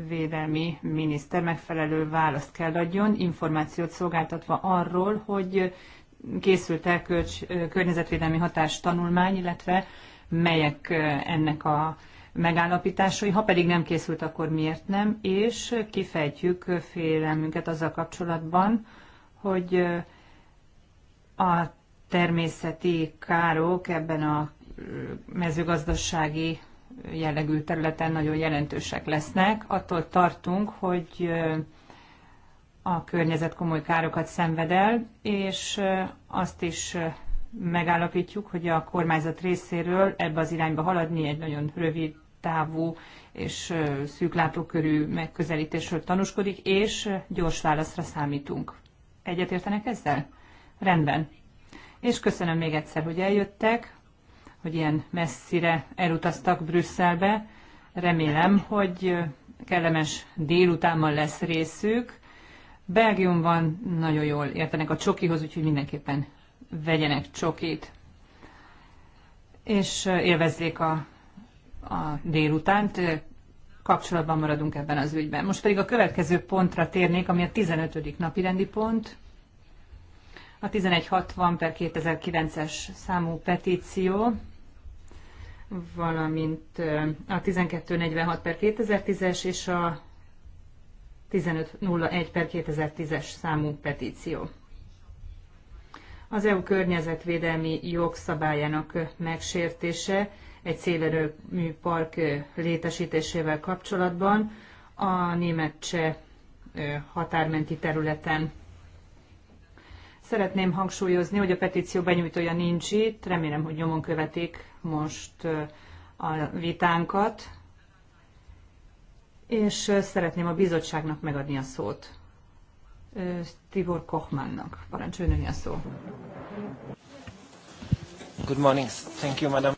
védelmi miniszter megfelelő választ kell adjon, információt szolgáltatva arról, hogy készült el kölcs, környezetvédelmi tanulmány, illetve melyek ennek a megállapításai, ha pedig nem készült, akkor miért nem, és kifejtjük félelmünket azzal kapcsolatban, hogy a természeti károk ebben a mezőgazdasági jellegű területen nagyon jelentősek lesznek. Attól tartunk, hogy a környezet komoly károkat szenved el, és azt is megállapítjuk, hogy a kormányzat részéről ebbe az irányba haladni egy nagyon rövid távú és szűklátókörű megközelítésről tanúskodik, és gyors válaszra számítunk. Egyetértenek ezzel? Rendben. És köszönöm még egyszer, hogy eljöttek hogy ilyen messzire elutaztak Brüsszelbe. Remélem, hogy kellemes délutánban lesz részük. Belgiumban nagyon jól értenek a csokihoz, úgyhogy mindenképpen vegyenek csokit. És élvezzék a, a délutánt. Kapcsolatban maradunk ebben az ügyben. Most pedig a következő pontra térnék, ami a 15. napi rendi pont. A 1160 per 2009-es számú petíció valamint a 1246 per 2010-es és a 1501 per 2010-es számú petíció. Az EU környezetvédelmi jogszabályának megsértése egy szélerőmű park létesítésével kapcsolatban a német-cseh határmenti területen. Szeretném hangsúlyozni, hogy a petíció benyújtója nincs itt, remélem, hogy nyomon követik most a vitánkat, és szeretném a bizottságnak megadni a szót. Tibor Kochmannnak, Parancsoljon a szó. Good morning. Thank you, madam.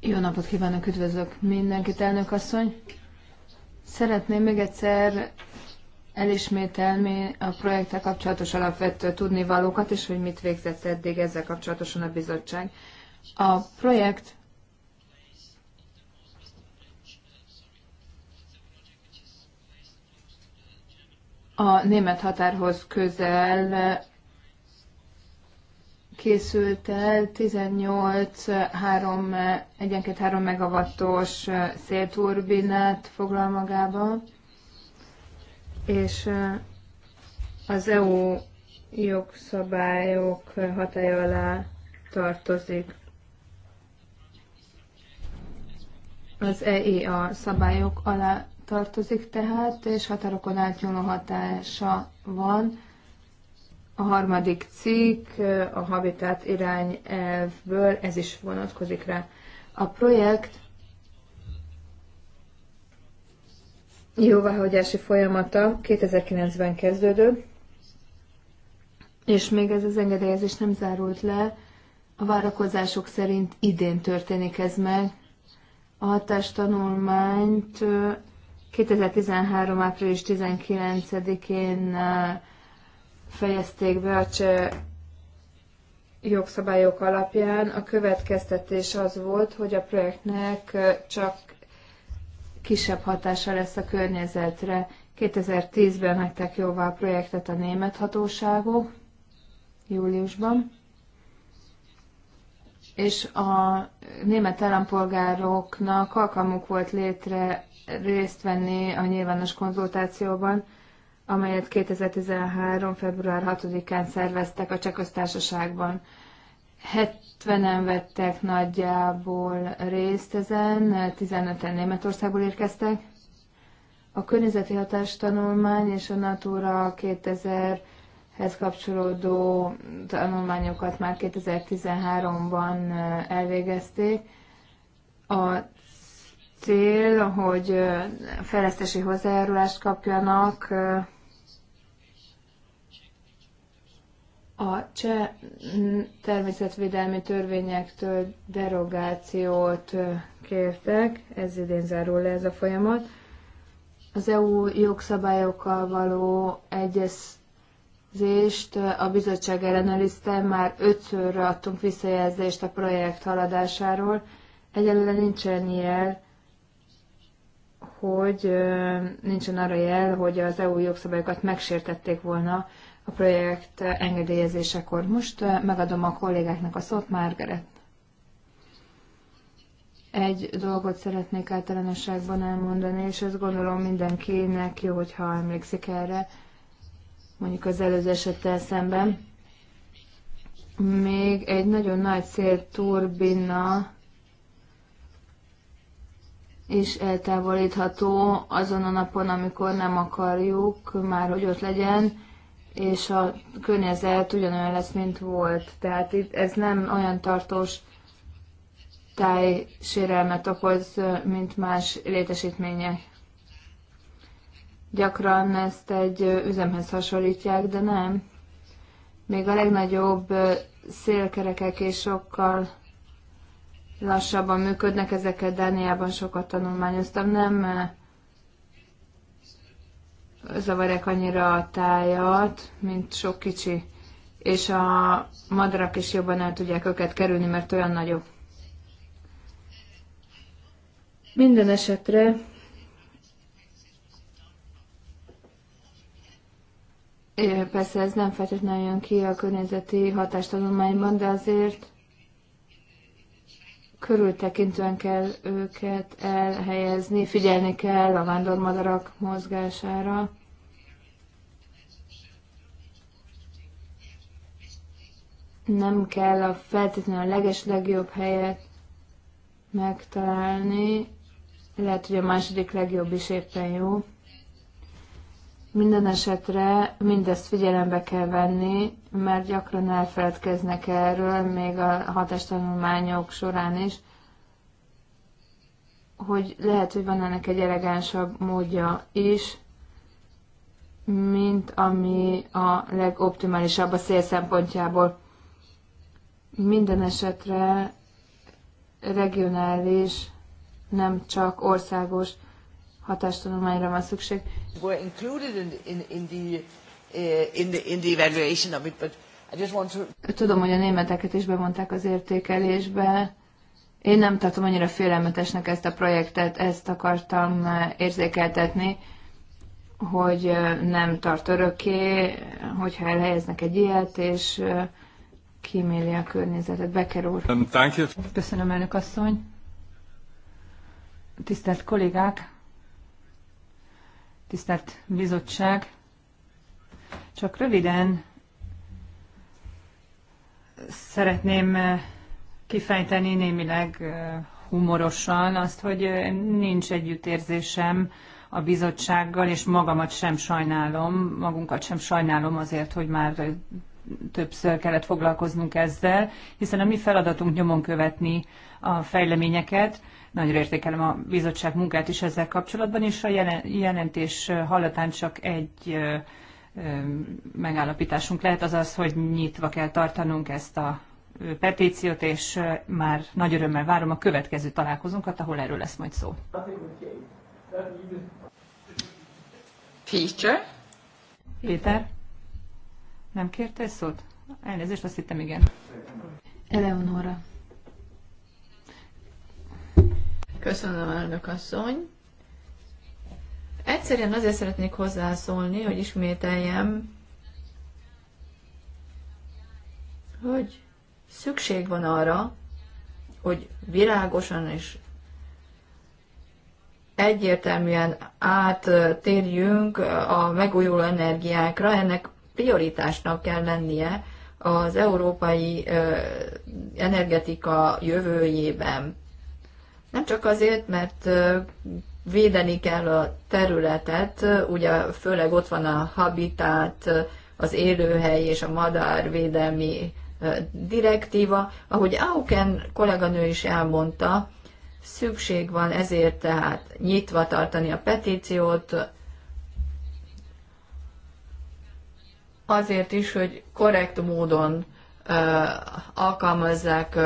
Jó napot kívánok, üdvözlök mindenkit, elnök asszony. Szeretném még egyszer elismételni a projekttel kapcsolatos alapvető tudnivalókat, és hogy mit végzett eddig ezzel kapcsolatosan a bizottság. A projekt a német határhoz közel készült el 18 3, 1 3 megawattos szélturbinát foglal magába, és az EU jogszabályok hatája alá tartozik. az EIA e szabályok alá tartozik tehát, és határokon átnyúló hatása van. A harmadik cikk a Habitat irányelvből, ez is vonatkozik rá. A projekt jóváhagyási folyamata 2009-ben kezdődő és még ez az engedélyezés nem zárult le. A várakozások szerint idén történik ez meg, a hatástanulmányt 2013. április 19-én fejezték be a cseh jogszabályok alapján. A következtetés az volt, hogy a projektnek csak kisebb hatása lesz a környezetre. 2010-ben hagyták jóvá a projektet a német hatóságok, júliusban és a német állampolgároknak alkalmuk volt létre részt venni a nyilvános konzultációban, amelyet 2013. február 6-án szerveztek a Csehköztársaságban. 70-en vettek nagyjából részt ezen, 15-en Németországból érkeztek. A környezeti hatástanulmány és a Natura 2000 hez kapcsolódó tanulmányokat már 2013-ban elvégezték. A cél, hogy fejlesztési hozzájárulást kapjanak a cseh természetvédelmi törvényektől derogációt kértek, ez idén zárul le ez a folyamat. Az EU jogszabályokkal való egyes visszajelzést. A bizottság ellenőrizte, már ötször adtunk visszajelzést a projekt haladásáról. Egyelőre nincsen jel, hogy nincsen arra jel, hogy az EU jogszabályokat megsértették volna a projekt engedélyezésekor. Most megadom a kollégáknak a szót, Margaret. Egy dolgot szeretnék általánosságban elmondani, és azt gondolom mindenkinek jó, hogyha emlékszik erre mondjuk az előző esettel szemben. Még egy nagyon nagy szélturbina és eltávolítható azon a napon, amikor nem akarjuk már, hogy ott legyen, és a környezet ugyanolyan lesz, mint volt. Tehát itt ez nem olyan tartós tájsérelmet okoz, mint más létesítmények. Gyakran ezt egy üzemhez hasonlítják, de nem. Még a legnagyobb szélkerekek és sokkal lassabban működnek, ezeket Dániában sokat tanulmányoztam, nem zavarják annyira a tájat, mint sok kicsi, és a madarak is jobban el tudják őket kerülni, mert olyan nagyobb. Minden esetre persze ez nem feltétlenül jön ki a környezeti hatástanulmányban, de azért körültekintően kell őket elhelyezni, figyelni kell a vándormadarak mozgására. Nem kell a feltétlenül a leges legjobb helyet megtalálni, lehet, hogy a második legjobb is éppen jó. Minden esetre mindezt figyelembe kell venni, mert gyakran elfeledkeznek erről, még a hatástanulmányok során is, hogy lehet, hogy van ennek egy elegánsabb módja is, mint ami a legoptimálisabb a szél szempontjából. Minden esetre regionális, nem csak országos hatástudományra van szükség. Were included in, in, in the, eh, in the, in the evaluation of it, but I just want to... Tudom, hogy a németeket is bevonták az értékelésbe. Én nem tartom annyira félelmetesnek ezt a projektet, ezt akartam eh, érzékeltetni, hogy eh, nem tart örökké, hogyha elhelyeznek egy ilyet, és kíméli a környezetet. Becker úr. Um, Köszönöm, elnök asszony. Tisztelt kollégák! Tisztelt Bizottság! Csak röviden szeretném eh, kifejteni némileg eh, humorosan azt, hogy eh, nincs együttérzésem a bizottsággal, és magamat sem sajnálom, magunkat sem sajnálom azért, hogy már többször kellett foglalkoznunk ezzel, hiszen a mi feladatunk nyomon követni a fejleményeket, nagyon értékelem a bizottság munkát is ezzel kapcsolatban, és a jelentés hallatán csak egy megállapításunk lehet, az az, hogy nyitva kell tartanunk ezt a petíciót, és már nagy örömmel várom a következő találkozónkat, ahol erről lesz majd szó. Peter? Péter? Nem kérte szót? Elnézést, azt hittem igen. Eleonora. Köszönöm, elnök asszony. Egyszerűen azért szeretnék hozzászólni, hogy ismételjem, hogy szükség van arra, hogy világosan és egyértelműen áttérjünk a megújuló energiákra, ennek prioritásnak kell lennie az európai energetika jövőjében. Nem csak azért, mert védeni kell a területet, ugye főleg ott van a habitát, az élőhely és a madárvédelmi direktíva, ahogy Auken kolléganő is elmondta, szükség van ezért tehát nyitva tartani a petíciót, azért is, hogy korrekt módon alkalmazzák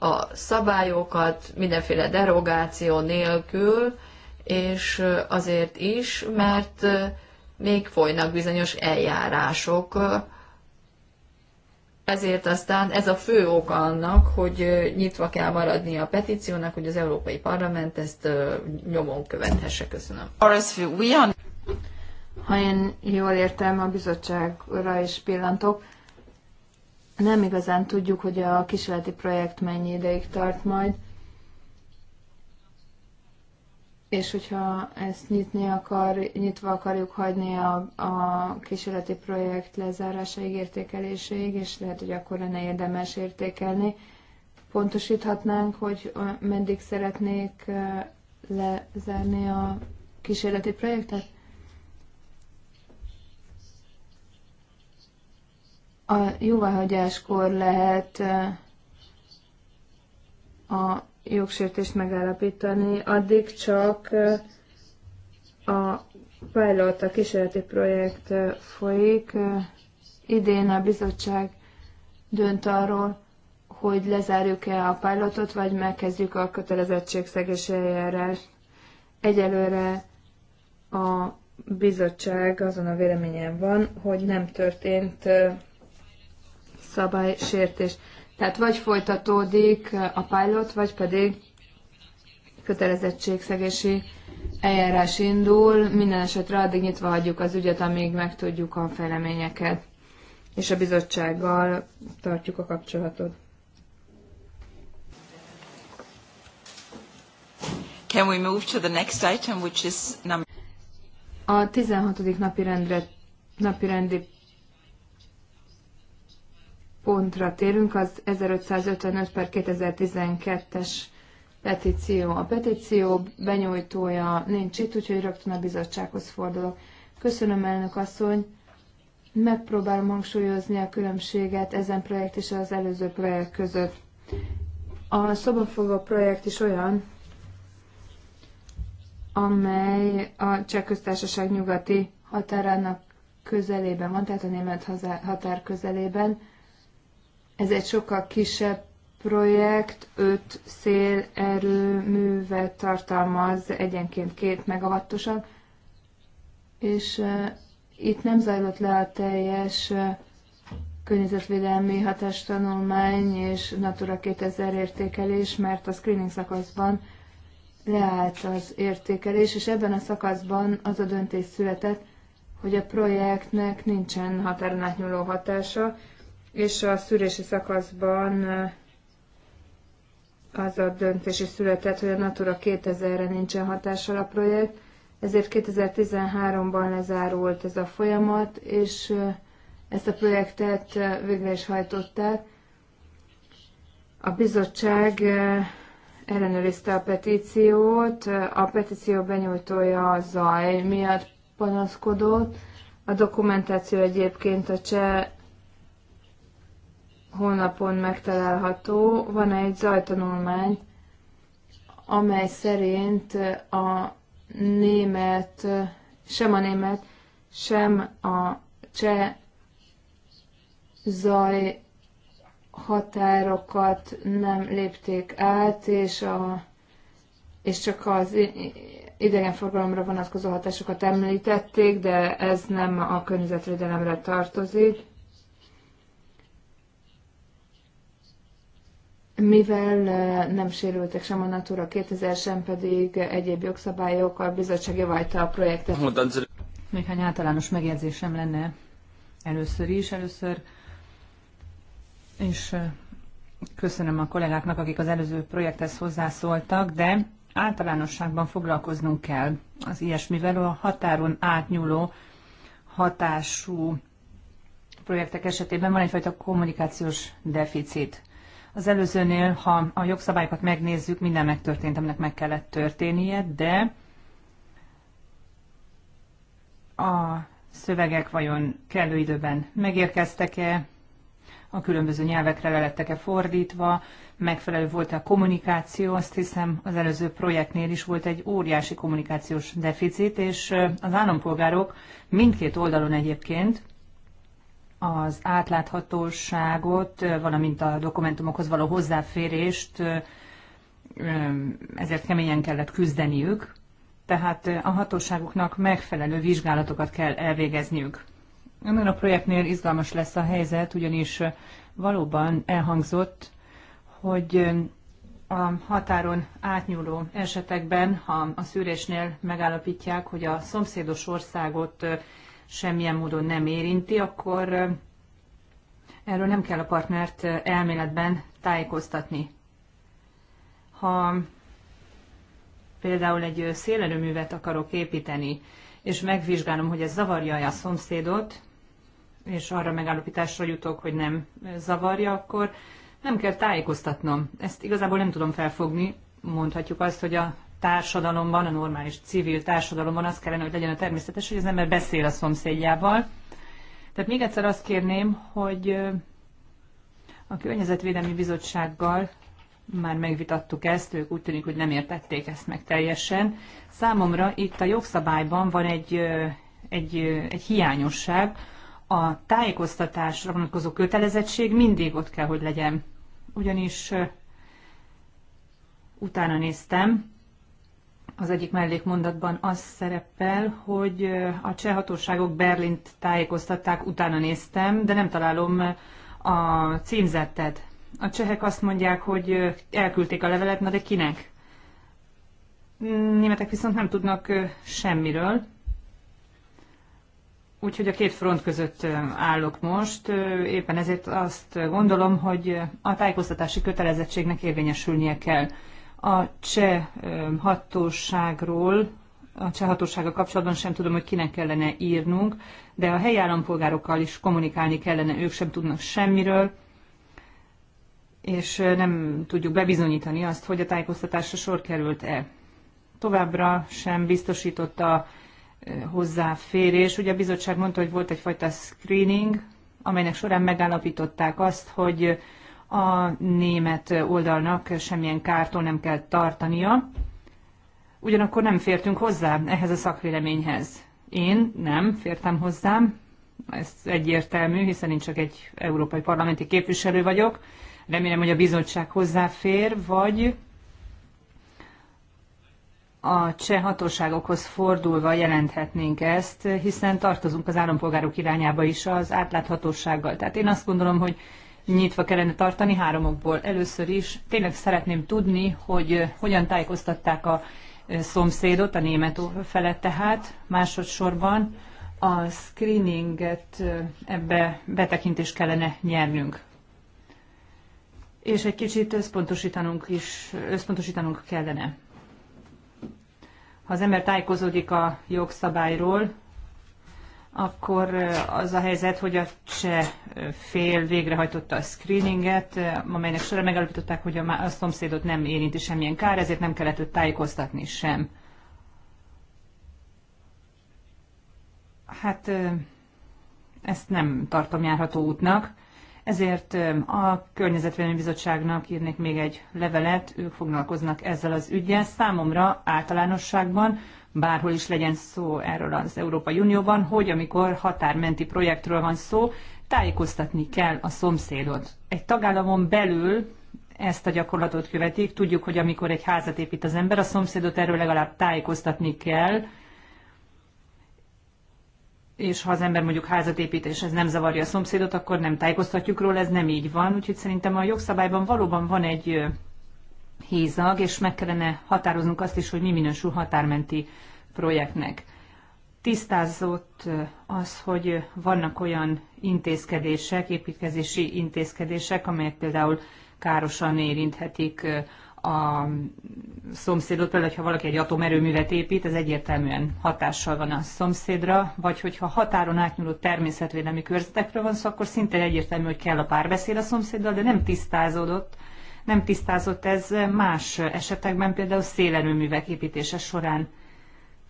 a szabályokat mindenféle derogáció nélkül, és azért is, mert még folynak bizonyos eljárások, ezért aztán ez a fő ok annak, hogy nyitva kell maradni a petíciónak, hogy az Európai Parlament ezt nyomon követhesse. Köszönöm. Ha én jól értem, a bizottságra is pillantok. Nem igazán tudjuk, hogy a kísérleti projekt mennyi ideig tart majd, és hogyha ezt nyitni akar, nyitva akarjuk hagyni a, a kísérleti projekt lezárásaig, értékeléséig, és lehet, hogy akkor lenne érdemes értékelni, pontosíthatnánk, hogy meddig szeretnék lezárni a kísérleti projektet? a jóváhagyáskor lehet a jogsértést megállapítani, addig csak a pilot, a kísérleti projekt folyik. Idén a bizottság dönt arról, hogy lezárjuk-e a pilotot, vagy megkezdjük a kötelezettségszegés eljárást. Egyelőre a bizottság azon a véleményen van, hogy nem történt szabálysértés. Tehát vagy folytatódik a pilot, vagy pedig kötelezettségszegési eljárás indul. Minden esetre addig nyitva hagyjuk az ügyet, amíg megtudjuk a fejleményeket, és a bizottsággal tartjuk a kapcsolatot. Can we move to the next item, which is number... A 16. napi, rendre, napi rendi pontra térünk, az 1555 per 2012-es petíció. A petíció benyújtója nincs itt, úgyhogy rögtön a bizottsághoz fordulok. Köszönöm, elnök asszony. Megpróbálom hangsúlyozni a különbséget ezen projekt és az előző projekt között. A szobafogó projekt is olyan, amely a Cseh Köztársaság nyugati határának közelében van, tehát a német határ közelében. Ez egy sokkal kisebb projekt, 5 szélerőművet tartalmaz, egyenként két megawattosan, és itt nem zajlott le a teljes környezetvédelmi hatástanulmány és Natura 2000 értékelés, mert a screening szakaszban leállt az értékelés, és ebben a szakaszban az a döntés született, hogy a projektnek nincsen határon átnyúló hatása, és a szűrési szakaszban eh, az a döntés is született, hogy a Natura 2000-re nincsen hatással a projekt, ezért 2013-ban lezárult ez a folyamat, és eh, ezt a projektet eh, végre is hajtották. A bizottság ellenőrizte a petíciót, a petíció benyújtója a zaj miatt panaszkodott, a dokumentáció egyébként a cseh honlapon megtalálható. Van egy zajtanulmány, amely szerint a német, sem a német, sem a cseh zaj határokat nem lépték át, és, a, és csak az idegenforgalomra vonatkozó hatásokat említették, de ez nem a környezetvédelemre tartozik. mivel nem sérültek sem a Natura 2000, sem pedig egyéb jogszabályok, a bizottság javajta a projektet. Néhány általános megjegyzésem lenne először is. Először és köszönöm a kollégáknak, akik az előző projekthez hozzászóltak, de általánosságban foglalkoznunk kell az ilyesmivel, a határon átnyúló hatású projektek esetében van egyfajta kommunikációs deficit. Az előzőnél, ha a jogszabályokat megnézzük, minden megtörtént, aminek meg kellett történnie, de a szövegek vajon kellő időben megérkeztek-e, a különböző nyelvekre le lettek-e fordítva, megfelelő volt-e a kommunikáció, azt hiszem az előző projektnél is volt egy óriási kommunikációs deficit, és az állampolgárok mindkét oldalon egyébként az átláthatóságot, valamint a dokumentumokhoz való hozzáférést, ezért keményen kellett küzdeniük, tehát a hatóságoknak megfelelő vizsgálatokat kell elvégezniük. Ön a projektnél izgalmas lesz a helyzet, ugyanis valóban elhangzott, hogy a határon átnyúló esetekben, ha a szűrésnél megállapítják, hogy a szomszédos országot semmilyen módon nem érinti, akkor erről nem kell a partnert elméletben tájékoztatni. Ha például egy szélerőművet akarok építeni, és megvizsgálom, hogy ez zavarja-e a szomszédot, és arra megállapításra jutok, hogy nem zavarja, akkor nem kell tájékoztatnom. Ezt igazából nem tudom felfogni. Mondhatjuk azt, hogy a társadalomban, a normális civil társadalomban az kellene, hogy legyen a természetes, hogy az ember beszél a szomszédjával. Tehát még egyszer azt kérném, hogy a Környezetvédelmi Bizottsággal már megvitattuk ezt, ők úgy tűnik, hogy nem értették ezt meg teljesen. Számomra itt a jogszabályban van egy, egy, egy hiányosság, a tájékoztatásra vonatkozó kötelezettség mindig ott kell, hogy legyen. Ugyanis utána néztem, az egyik mellékmondatban az szerepel, hogy a cseh hatóságok Berlint tájékoztatták, utána néztem, de nem találom a címzettet. A csehek azt mondják, hogy elküldték a levelet, na de kinek? Németek viszont nem tudnak semmiről. Úgyhogy a két front között állok most. Éppen ezért azt gondolom, hogy a tájékoztatási kötelezettségnek érvényesülnie kell. A cseh hatóságról, a cseh hatósága kapcsolatban sem tudom, hogy kinek kellene írnunk, de a helyi állampolgárokkal is kommunikálni kellene, ők sem tudnak semmiről, és nem tudjuk bebizonyítani azt, hogy a tájékoztatásra sor került-e. Továbbra sem biztosította hozzáférés. Ugye a bizottság mondta, hogy volt egyfajta screening, amelynek során megállapították azt, hogy a német oldalnak semmilyen kártól nem kell tartania. Ugyanakkor nem fértünk hozzá ehhez a szakvéleményhez. Én nem fértem hozzám, ez egyértelmű, hiszen én csak egy európai parlamenti képviselő vagyok. Remélem, hogy a bizottság hozzáfér, vagy a cseh hatóságokhoz fordulva jelenthetnénk ezt, hiszen tartozunk az állampolgárok irányába is az átláthatósággal. Tehát én azt gondolom, hogy nyitva kellene tartani háromokból Először is tényleg szeretném tudni, hogy eh, hogyan tájékoztatták a eh, szomszédot, a német felett. tehát. Másodszorban a screeninget eh, ebbe betekintést kellene nyernünk. És egy kicsit összpontosítanunk is, összpontosítanunk kellene. Ha az ember tájékozódik a jogszabályról, akkor az a helyzet, hogy a cseh fél végrehajtotta a screeninget, amelynek során megállapították, hogy a, a szomszédot nem érinti semmilyen kár, ezért nem kellett őt tájékoztatni sem. Hát ezt nem tartom járható útnak, ezért a Környezetvédelmi Bizottságnak írnék még egy levelet, ők foglalkoznak ezzel az ügyel. Számomra általánosságban bárhol is legyen szó erről az Európai Unióban, hogy amikor határmenti projektről van szó, tájékoztatni kell a szomszédot. Egy tagállamon belül ezt a gyakorlatot követik. Tudjuk, hogy amikor egy házat épít az ember, a szomszédot erről legalább tájékoztatni kell, és ha az ember mondjuk házat épít, és ez nem zavarja a szomszédot, akkor nem tájékoztatjuk róla, ez nem így van. Úgyhogy szerintem a jogszabályban valóban van egy hízag, és meg kellene határoznunk azt is, hogy mi minősül határmenti projektnek. Tisztázott az, hogy vannak olyan intézkedések, építkezési intézkedések, amelyek például károsan érinthetik a szomszédot, például, ha valaki egy atomerőművet épít, ez egyértelműen hatással van a szomszédra, vagy hogyha határon átnyúló természetvédelmi körzetekről van szó, akkor szinte egyértelmű, hogy kell a párbeszéd a szomszéddal, de nem tisztázódott nem tisztázott ez más esetekben, például szélerőművek építése során.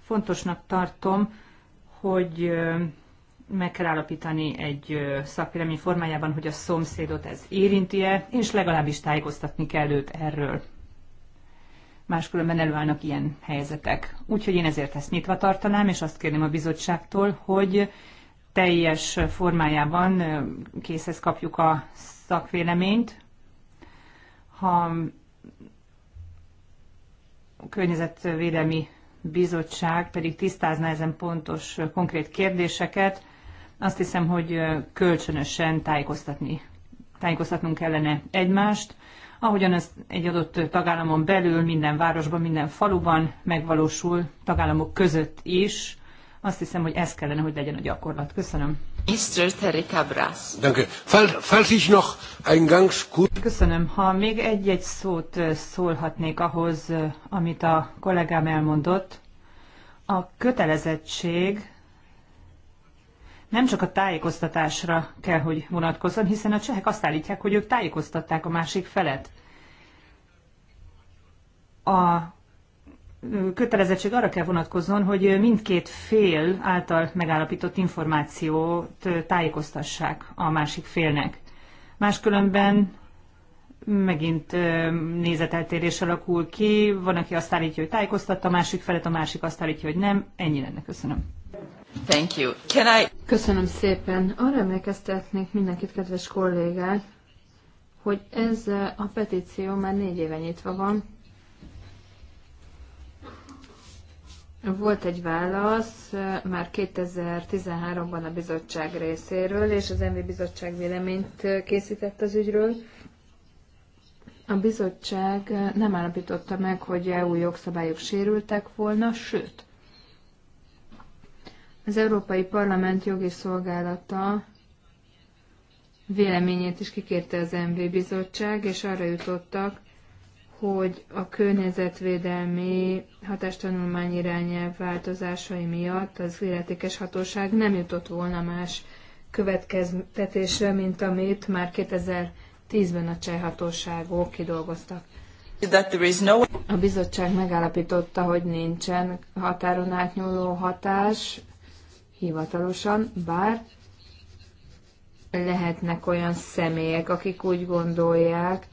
Fontosnak tartom, hogy meg kell állapítani egy szakvélemény formájában, hogy a szomszédot ez érinti-e, és legalábbis tájékoztatni kell őt erről. Máskülönben előállnak ilyen helyzetek. Úgyhogy én ezért ezt nyitva tartanám, és azt kérném a bizottságtól, hogy teljes formájában készhez kapjuk a szakvéleményt, ha a környezetvédelmi bizottság pedig tisztázná ezen pontos, konkrét kérdéseket, azt hiszem, hogy kölcsönösen tájékoztatni, tájékoztatnunk kellene egymást, ahogyan ez egy adott tagállamon belül, minden városban, minden faluban megvalósul, tagállamok között is. Azt hiszem, hogy ez kellene, hogy legyen a gyakorlat. Köszönöm. Köszönöm. Ha még egy-egy szót szólhatnék ahhoz, amit a kollégám elmondott, a kötelezettség nem csak a tájékoztatásra kell, hogy vonatkozzon, hiszen a csehek azt állítják, hogy ők tájékoztatták a másik felet. A kötelezettség arra kell vonatkozzon, hogy mindkét fél által megállapított információt tájékoztassák a másik félnek. Máskülönben megint nézeteltérés alakul ki, van, aki azt állítja, hogy tájékoztatta a másik felet, a másik azt állítja, hogy nem. Ennyi lenne, köszönöm. Thank you. Can I... Köszönöm szépen. Arra emlékeztetnék mindenkit, kedves kollégák, hogy ez a petíció már négy éve nyitva van, Volt egy válasz már 2013-ban a bizottság részéről, és az MV bizottság véleményt készített az ügyről. A bizottság nem állapította meg, hogy EU jogszabályok sérültek volna, sőt, az Európai Parlament jogi szolgálata véleményét is kikérte az MV bizottság, és arra jutottak, hogy a környezetvédelmi hatástanulmány irányelv változásai miatt az illetékes hatóság nem jutott volna más következtetésre, mint amit már 2010-ben a cseh hatóságok kidolgoztak. A bizottság megállapította, hogy nincsen határon átnyúló hatás hivatalosan, bár lehetnek olyan személyek, akik úgy gondolják,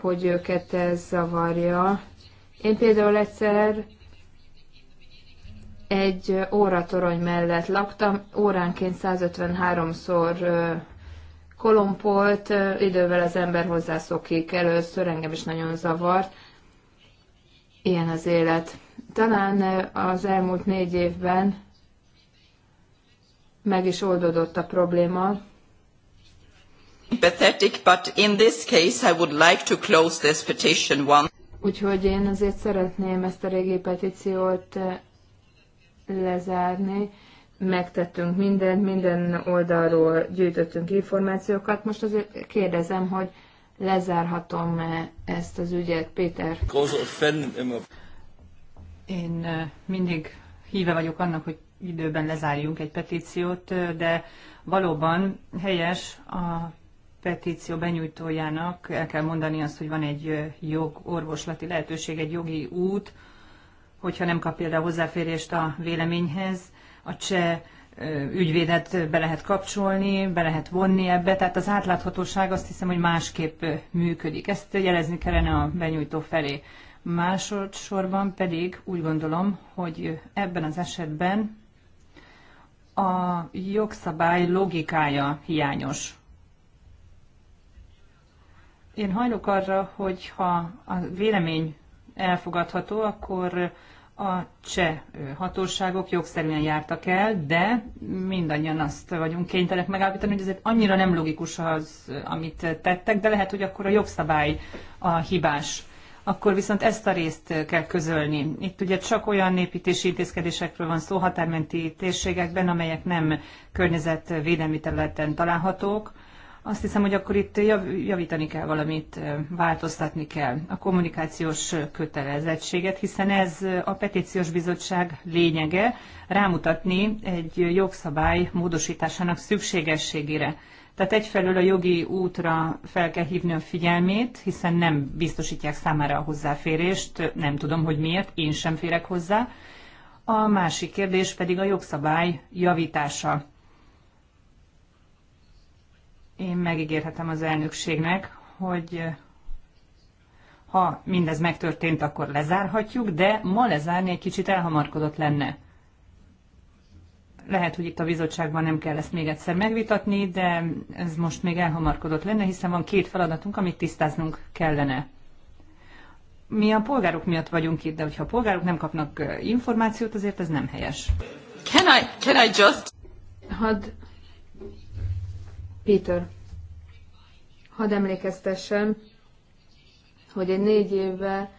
hogy őket ez zavarja. Én például egyszer egy óratorony mellett laktam, óránként 153-szor kolompolt, idővel az ember hozzászokik először, engem is nagyon zavart. Ilyen az élet. Talán az elmúlt négy évben meg is oldódott a probléma, Pathetic, but in this case I would like to close this petition one. Úgyhogy én azért szeretném ezt a régi petíciót eh, lezárni. Megtettünk mindent, minden oldalról gyűjtöttünk információkat. Most azért kérdezem, hogy lezárhatom -e ezt az ügyet, Péter? Én eh, mindig híve vagyok annak, hogy időben lezárjunk egy petíciót, eh, de valóban helyes a petíció benyújtójának el kell mondani azt, hogy van egy jogorvoslati lehetőség, egy jogi út, hogyha nem kap például hozzáférést a véleményhez, a cseh ügyvédet be lehet kapcsolni, be lehet vonni ebbe, tehát az átláthatóság azt hiszem, hogy másképp működik. Ezt jelezni kellene a benyújtó felé. Másodszorban pedig úgy gondolom, hogy ebben az esetben a jogszabály logikája hiányos. Én hajlok arra, hogy ha a vélemény elfogadható, akkor a cseh hatóságok jogszerűen jártak el, de mindannyian azt vagyunk kénytelenek megállapítani, hogy ez annyira nem logikus az, amit tettek, de lehet, hogy akkor a jogszabály a hibás. Akkor viszont ezt a részt kell közölni. Itt ugye csak olyan építési intézkedésekről van szó határmenti térségekben, amelyek nem környezetvédelmi területen találhatók, azt hiszem, hogy akkor itt javítani kell valamit, változtatni kell a kommunikációs kötelezettséget, hiszen ez a petíciós bizottság lényege, rámutatni egy jogszabály módosításának szükségességére. Tehát egyfelől a jogi útra fel kell hívni a figyelmét, hiszen nem biztosítják számára a hozzáférést, nem tudom, hogy miért, én sem férek hozzá. A másik kérdés pedig a jogszabály javítása én megígérhetem az elnökségnek, hogy eh, ha mindez megtörtént, akkor lezárhatjuk, de ma lezárni egy kicsit elhamarkodott lenne. Lehet, hogy itt a bizottságban nem kell ezt még egyszer megvitatni, de ez most még elhamarkodott lenne, hiszen van két feladatunk, amit tisztáznunk kellene. Mi a polgárok miatt vagyunk itt, de hogyha a polgárok nem kapnak eh, információt, azért ez nem helyes. Can I, can I just... Hadd Peter, hadd emlékeztessem, hogy egy négy évvel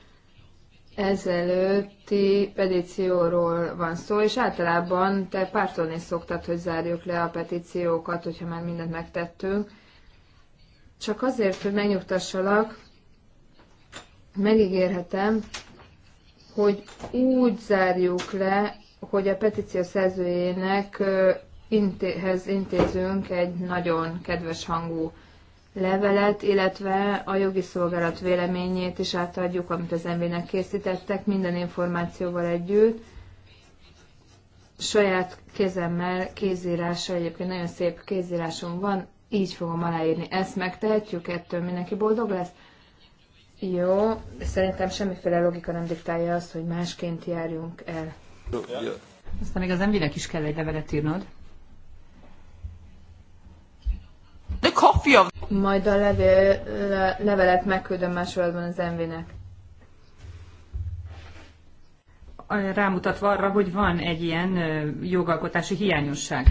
ezelőtti petícióról van szó, és általában te pártolni szoktad, hogy zárjuk le a petíciókat, hogyha már mindent megtettünk. Csak azért, hogy megnyugtassalak, megígérhetem, hogy úgy zárjuk le, hogy a petíció szerzőjének intéhez intézünk egy nagyon kedves hangú levelet, illetve a jogi szolgálat véleményét is átadjuk, amit az MV-nek készítettek, minden információval együtt. Saját kezemmel, kézírása, egyébként nagyon szép kézírásom van, így fogom aláírni. Ezt megtehetjük, ettől mindenki boldog lesz? Jó, szerintem semmiféle logika nem diktálja azt, hogy másként járjunk el. Aztán még az emberek is kell egy levelet írnod. The coffee of... Majd a levél, le, levelet megküldöm másolatban az MV-nek. Rámutatva arra, hogy van egy ilyen jogalkotási hiányosság.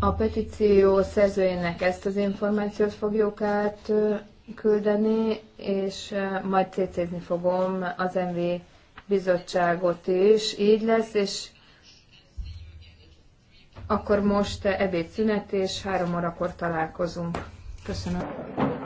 A petíció szerzőjének ezt az információt fogjuk át küldeni, és majd cc fogom az MV bizottságot is. Így lesz, és akkor most ebédszünet, és három órakor találkozunk. Köszönöm.